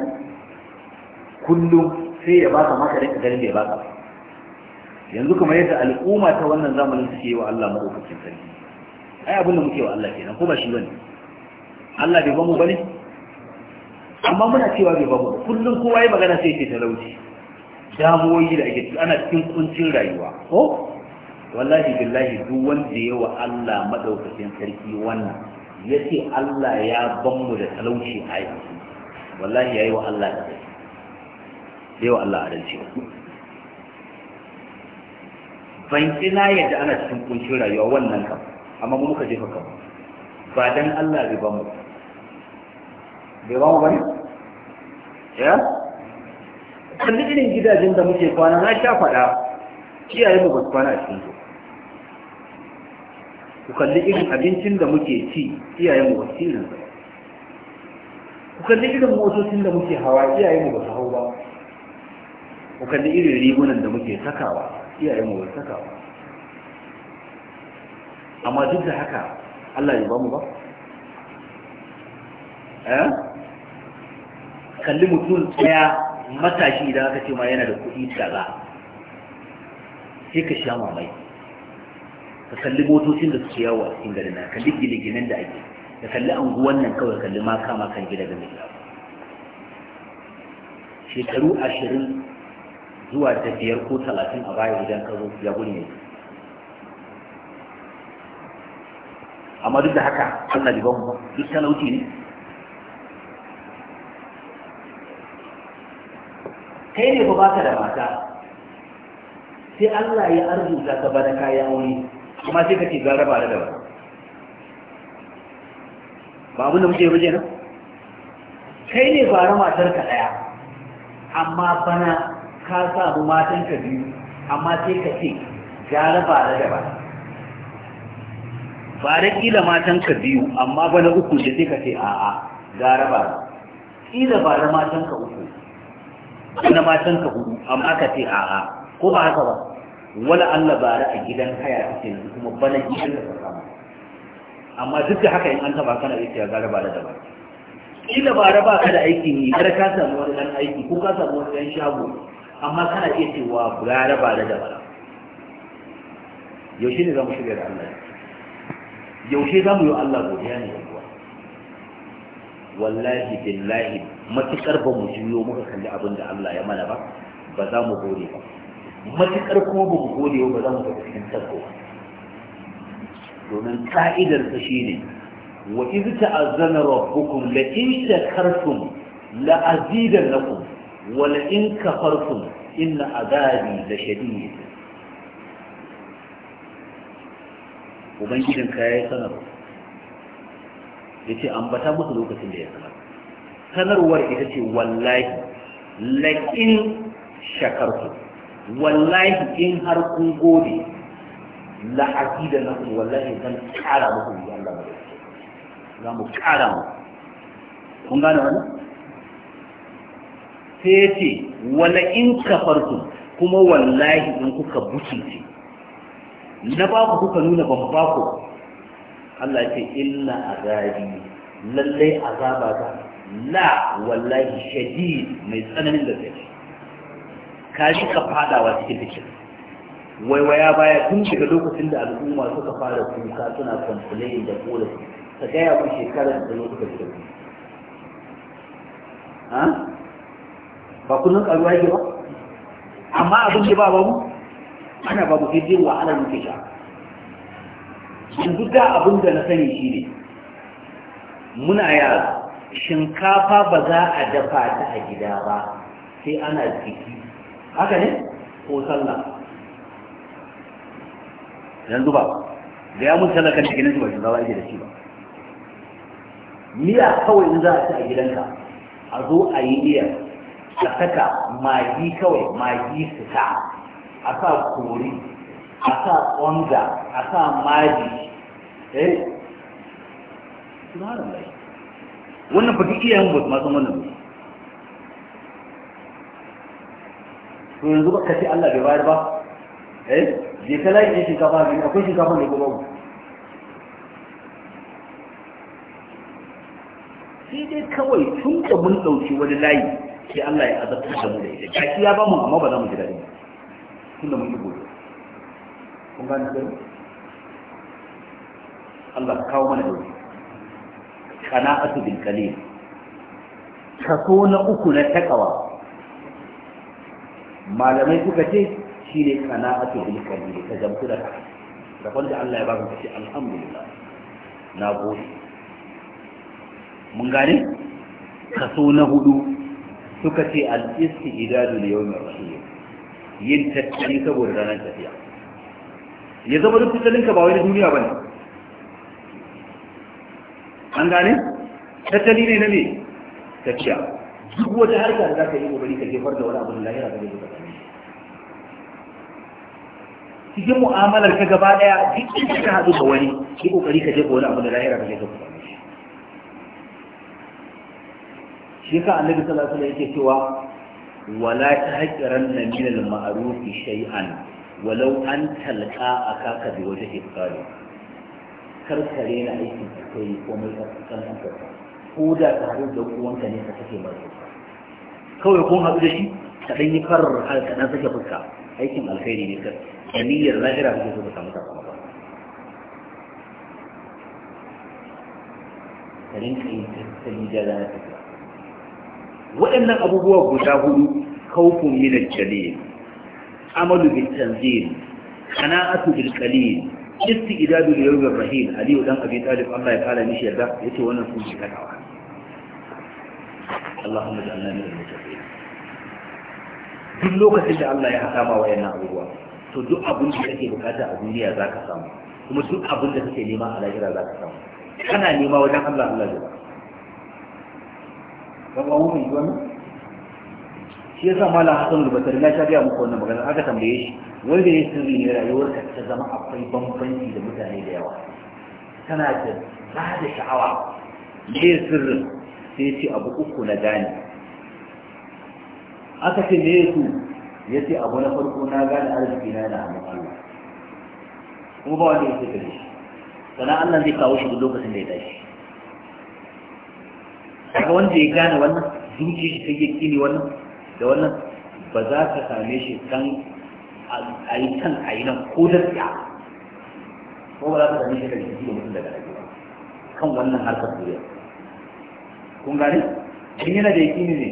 [SPEAKER 1] kullum sai ya baka maka da ganin da ya baka yanzu kamar yadda al'umma ta wannan zamanin take yi wa Allah madaukakin sarki ai abin da muke wa Allah kenan ko ba shi bane Allah bai bamu bane amma muna cewa bai bamu kullum kowa ya magana sai ya ce talauci damuwoyi da ake ana cikin kuncin rayuwa ko oh? wallahi billahi duk wanda ya wa Allah madaukakin sarki wannan ya ce Allah ya ban mu da talauci a yi wallahi ya yi wa Allah da ya yi yawa Allah adalci ban kina yadda ana cikin kuncin rayuwa wannan kam amma mu muka jefa kan ba dan Allah bai ba mu bai ba mu ba ne ya kalli irin gidajen da muke kwana na sha faɗa kiyaye mu basu kwana a cikin su ku kalli irin abincin da muke ci kiyaye mu basu irin sa ku kalli irin motocin da muke hawa kiyaye mu basu hau ba ku kalli irin rigunan da muke sakawa kiyaye mu basu sakawa amma duk da haka Allah ya ba mu ba eh kalli mutum tsaya matashi idan aka ce ma yana da kuɗi kaza sai ka sha mamai ka kalli motocin da suke yawo a cikin garin nan kalli gine-ginen da ake ka kalli anguwan nan kawai kalli ma kama kan gida da mai shekaru ashirin zuwa da biyar ko talatin a baya idan ka zo ya gudu ne amma duk da haka Allah liban duk talauci ne kai ne ba baka da mata sai Allah ya arzuta ka bana kayan wani amma sai kake zaraba da ba. ba abin da muke yi na? kai ne fara matar ka daya amma bana ka samu matan ka biyu amma sai ka ce ba da ba da kila matan ka biyu amma bana uku da sai ka ce a'a ba kila ba da matan ka uku na matan ka hudu amma ka ce a'a ko ba haka ba wala Allah bara a gidan haya kake yanzu kuma bana gidan da ka samu amma duk da haka in an taba kana ya gara ba da ba kila ba ba ka da aiki ne kar ka samu wani dan aiki ko ka samu wani dan shago amma kana iya cewa gara raba da ba yaushe ne za mu shiga da Allah yaushe za mu yi Allah godiya ne wallahi billahi matukar ba mu juyo muka kalli abin da Allah ya mana ba ba za mu gode ba matukar kuma ba mu gode ba za mu ga cikin tsaro domin ka'idar ta shine wa iz ta'azzana rabbukum la in shakartum la azidannakum wa la in kafartum inna azabi la shadid ubangijin ka yayi sanarwa ya ce ambata masa lokacin da ya sanar sanarwar ita ce wallahi laƙin shakarku wallahi in har kun gode la'aki da nasu wallahi zan ƙara muku yi Allah ba za mu ƙara mu kun gane wani sai ya ce wala in kafarku kuma wallahi in kuka butunce na ba ku kuka nuna ban ba ku Allah ce inna azabi lallai azaba ta la wallahi shadid mai tsananin da zai ka shi ka fadawa cikin fikin waiwaya baya tun daga lokacin da al'umma suka fara kuka suna kwamfulai da kola ta gaya ku shekarar da zo suka fita ha ba kullum karuwa yake ba amma abin ba babu ana babu sai dai wahalar muke sha yanzu ga abin da na sani shi ne muna yara shinkafa ba za a dafa ta a gida ba sai ana jiki. haka ne ko sallah yanzu ba da ya mun sallah kan cikin ba shugaba yake da shi ba miya kawai in za a ci a gidanka a zo a yi iya a saka magi kawai magi su ta a sa kori a sa ƙwanza, a sa maji eh subhanallah wannan fa duk iyayen ba masu san wannan ba to yanzu ba kace Allah bai bayar ba eh je ka lai shi kafa ne akwai shi ne kuma babu sai dai kawai tun da mun dauki wani layi sai Allah ya azabta da mu da ita kashi ya ba mu amma ba za mu ji daɗi tun da mun yi gobe kun gane ko Allah kawo mana dauki qana'atu bil qalil kaso na uku na takawa malamai suka ce shine qana'atu bil qalil ka zamtu da da wanda Allah ya baka kace alhamdulillah na gode mun gane kaso na hudu suka ce al-istidadu li yawmir rahim yin tattali saboda ranar tafiya ya zama duk tattalinka ba wai duniya ba ne an gane tattali ne na me tafiya duk wata harka da za ka yi ƙoƙari ka jefar da wani abu da lahira da zai zama cikin mu'amalar ka gaba daya duk inda ka haɗu da wani ki kokari ka jefa wani abu da lahira da zai ta shi ka annabi sallallahu alaihi wasallam yake cewa wala haƙiran min al-ma'ruf shay'an ولو أن تلقى أكاك بوجه القاري كرسلين عيك التكي ومي أفكال أنفر هودا تحرير دوك وان كان يتكي مرسل كو يكون هذا الشيء تبين يقرر حال كان أنفر يبكى عيك الخير يبكى أمير لا غير أبو جزء بسامة رمضان كرين كين تسلي جالانا تكي وإن أبو هو غشاه خوف من الجليل Amadu bil tanzil qana'atu bil qalil istidadu li yawmir rahim aliyu dan abi Allah ya kara mishi yarda yace wannan sun shi kadawa Allahumma ja'alna min al-muttaqin duk lokacin da Allah ya hasama wayannan abubuwa to duk abin da kake bukata a duniya zaka samu kuma duk abin da kake nema a lahira zaka samu kana nema wajen Allah yi shi ya sa malam hasan al-basri na ta gaya muku wannan magana aka tambaye shi wanda ya sirri ne rayuwarka ta zama akwai bambanci da mutane da yawa tana da ba da sha'awa me sirrin sai ce abu uku na gane aka ce me su ya ce abu na farko na gane arziki na da hannun Allah kuma ba wanda ya ce kare shi sannan Allah zai kawo shi duk lokacin da ya tashi kaga wanda ya gane wannan zuciya shi ta yi kini wannan da wannan ba za ka same shi kan a yi kan a yi nan ko da siya ko ba za ka same shi da jiki da mutum daga rayuwa kan wannan harkar duniya kun gane in yana da yakini ne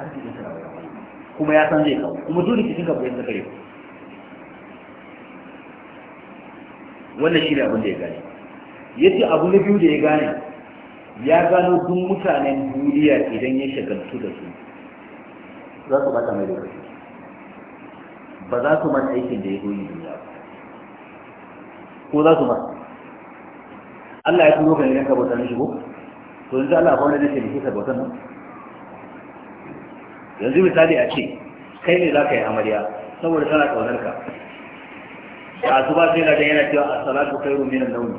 [SPEAKER 1] arzikin sa na kuma ya san zai kawo kuma dole cikin ka bayan zakare wannan shi ne abin da ya gane ce abu na biyu da ya gane ya gano duk mutanen duniya idan ya shagaltu da su za su bata mai lokaci ba za su man aikin da ya goyi duniya ba ko za su man Allah ya turo ka ne ka bauta shigo? ko to yanzu Allah ba da ke da ka bautan nan yanzu misali a ce kai ne za ka yi amarya saboda tana ƙaunar ka a su ba sai na da yana cewa a salatu kai ruminan launi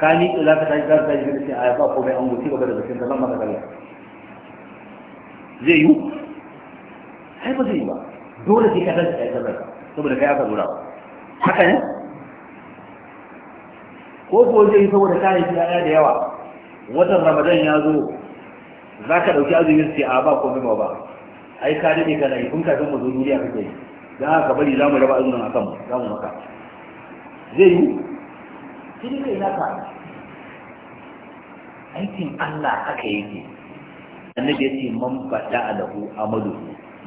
[SPEAKER 1] ka ni za ka tashi za ka tashi da ce a ya komai an gusi ba da bakin zaman maka zai yi sai ba zai ba dole sai ka san kai sadaka saboda kai aka nuna haka ne ko ko zai saboda ka yi yaya da yawa watan ramadan ya zo za ka ɗauki azumin sai a ba komai ba ba ai ka daɗe kana yi kun kafin mu zo duniya kake yi da haka bari za mu raba azumin a kanmu za mu maka zai yi shi ne zai naka aikin Allah haka yake annabi ya ce man bada alahu amadu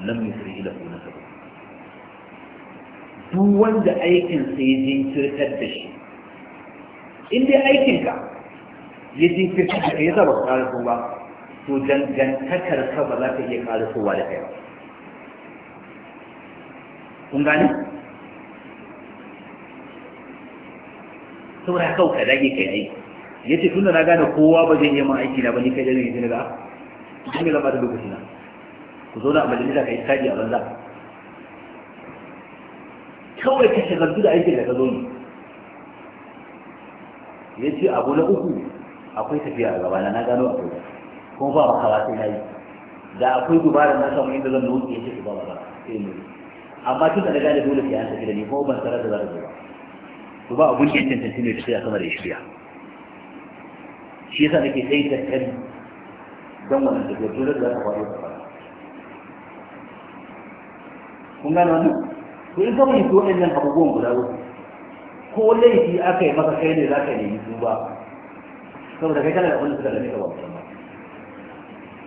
[SPEAKER 1] lam yusri ila nasabu duk wanda aikin sai ya jinkirtar da shi in dai aikin ka ya jinkirtar da kai ya zaba ƙara ba to dangantakar ka ba za ka iya ƙara kowa da kai kun gane saboda kawai ka dage kai aiki ya ce tunda na gane kowa ba zai yi ma aiki na ba ni kai da zai yi daga an ah, yi ba da lokaci na ku zauna a majalisa ka yi tsari a banza kawai ka shagaltu da aikin da ka zo yi ya ce abu na uku akwai tafiya a gabana na gano akwai kuma ba makawa sai na yi da akwai dubarar na samun inda zan nuke ya ce ba ba amma tun da na gane dole sai an tafi da ni kuma ban sarar da za ta zo ba to ba abun da ya cancanci ne tafiya sama da shirya shi yasa nake sai da kari don wannan tafiyar dole da za ta faru kun gane wannan to in ka fahimci waɗannan abubuwan guda uku ko laifi aka yi maka kai ne za ka nemi duba saboda kai kana da wani suka da nika ba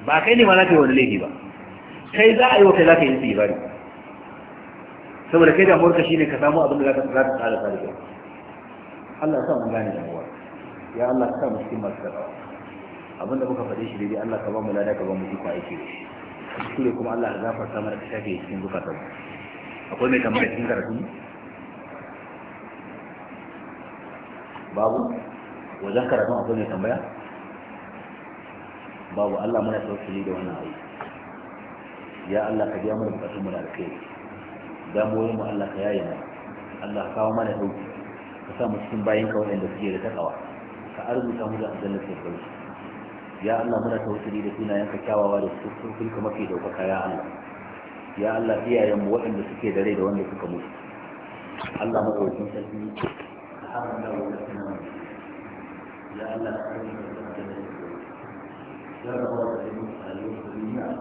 [SPEAKER 1] ba kai ne ma za ka yi wani laifi ba kai za a yi wa kai za ka yi su ibari saboda kai damuwar ka shine ka samu abin da za ka tsara tsara da kyau Allah ya sa mun gane damuwa ya Allah sa mu cikin masu tsara abin da muka faɗe shi daidai Allah ka ba mu lada ka ba mu iko aiki da shi kuskure kuma Allah ya gafarta mana ka shafe cikin zukatan akwai mai tambaya cikin karatu babu wajen karatu akwai mai tambaya babu Allah muna tawassuli da wannan ayi ya Allah ka biya mana bukatun mu da alkhairi damuwoyin mu Allah ka yaye mana Allah ka kawo mana dauki ka sa mu cikin bayan ka wanda suke da takawa ka arzuta mu da aljannatul firdausi ya Allah muna tawassuli da sunayenka kyawawa da sufufin ka mafi daukaka ya Allah ya Allah iyayen mu waɗanda suke da rai da wanda suka mutu Allah madaukakin sarki hakan da wanda suna ya Allah ka yi da jarrabawa da mutu a yau da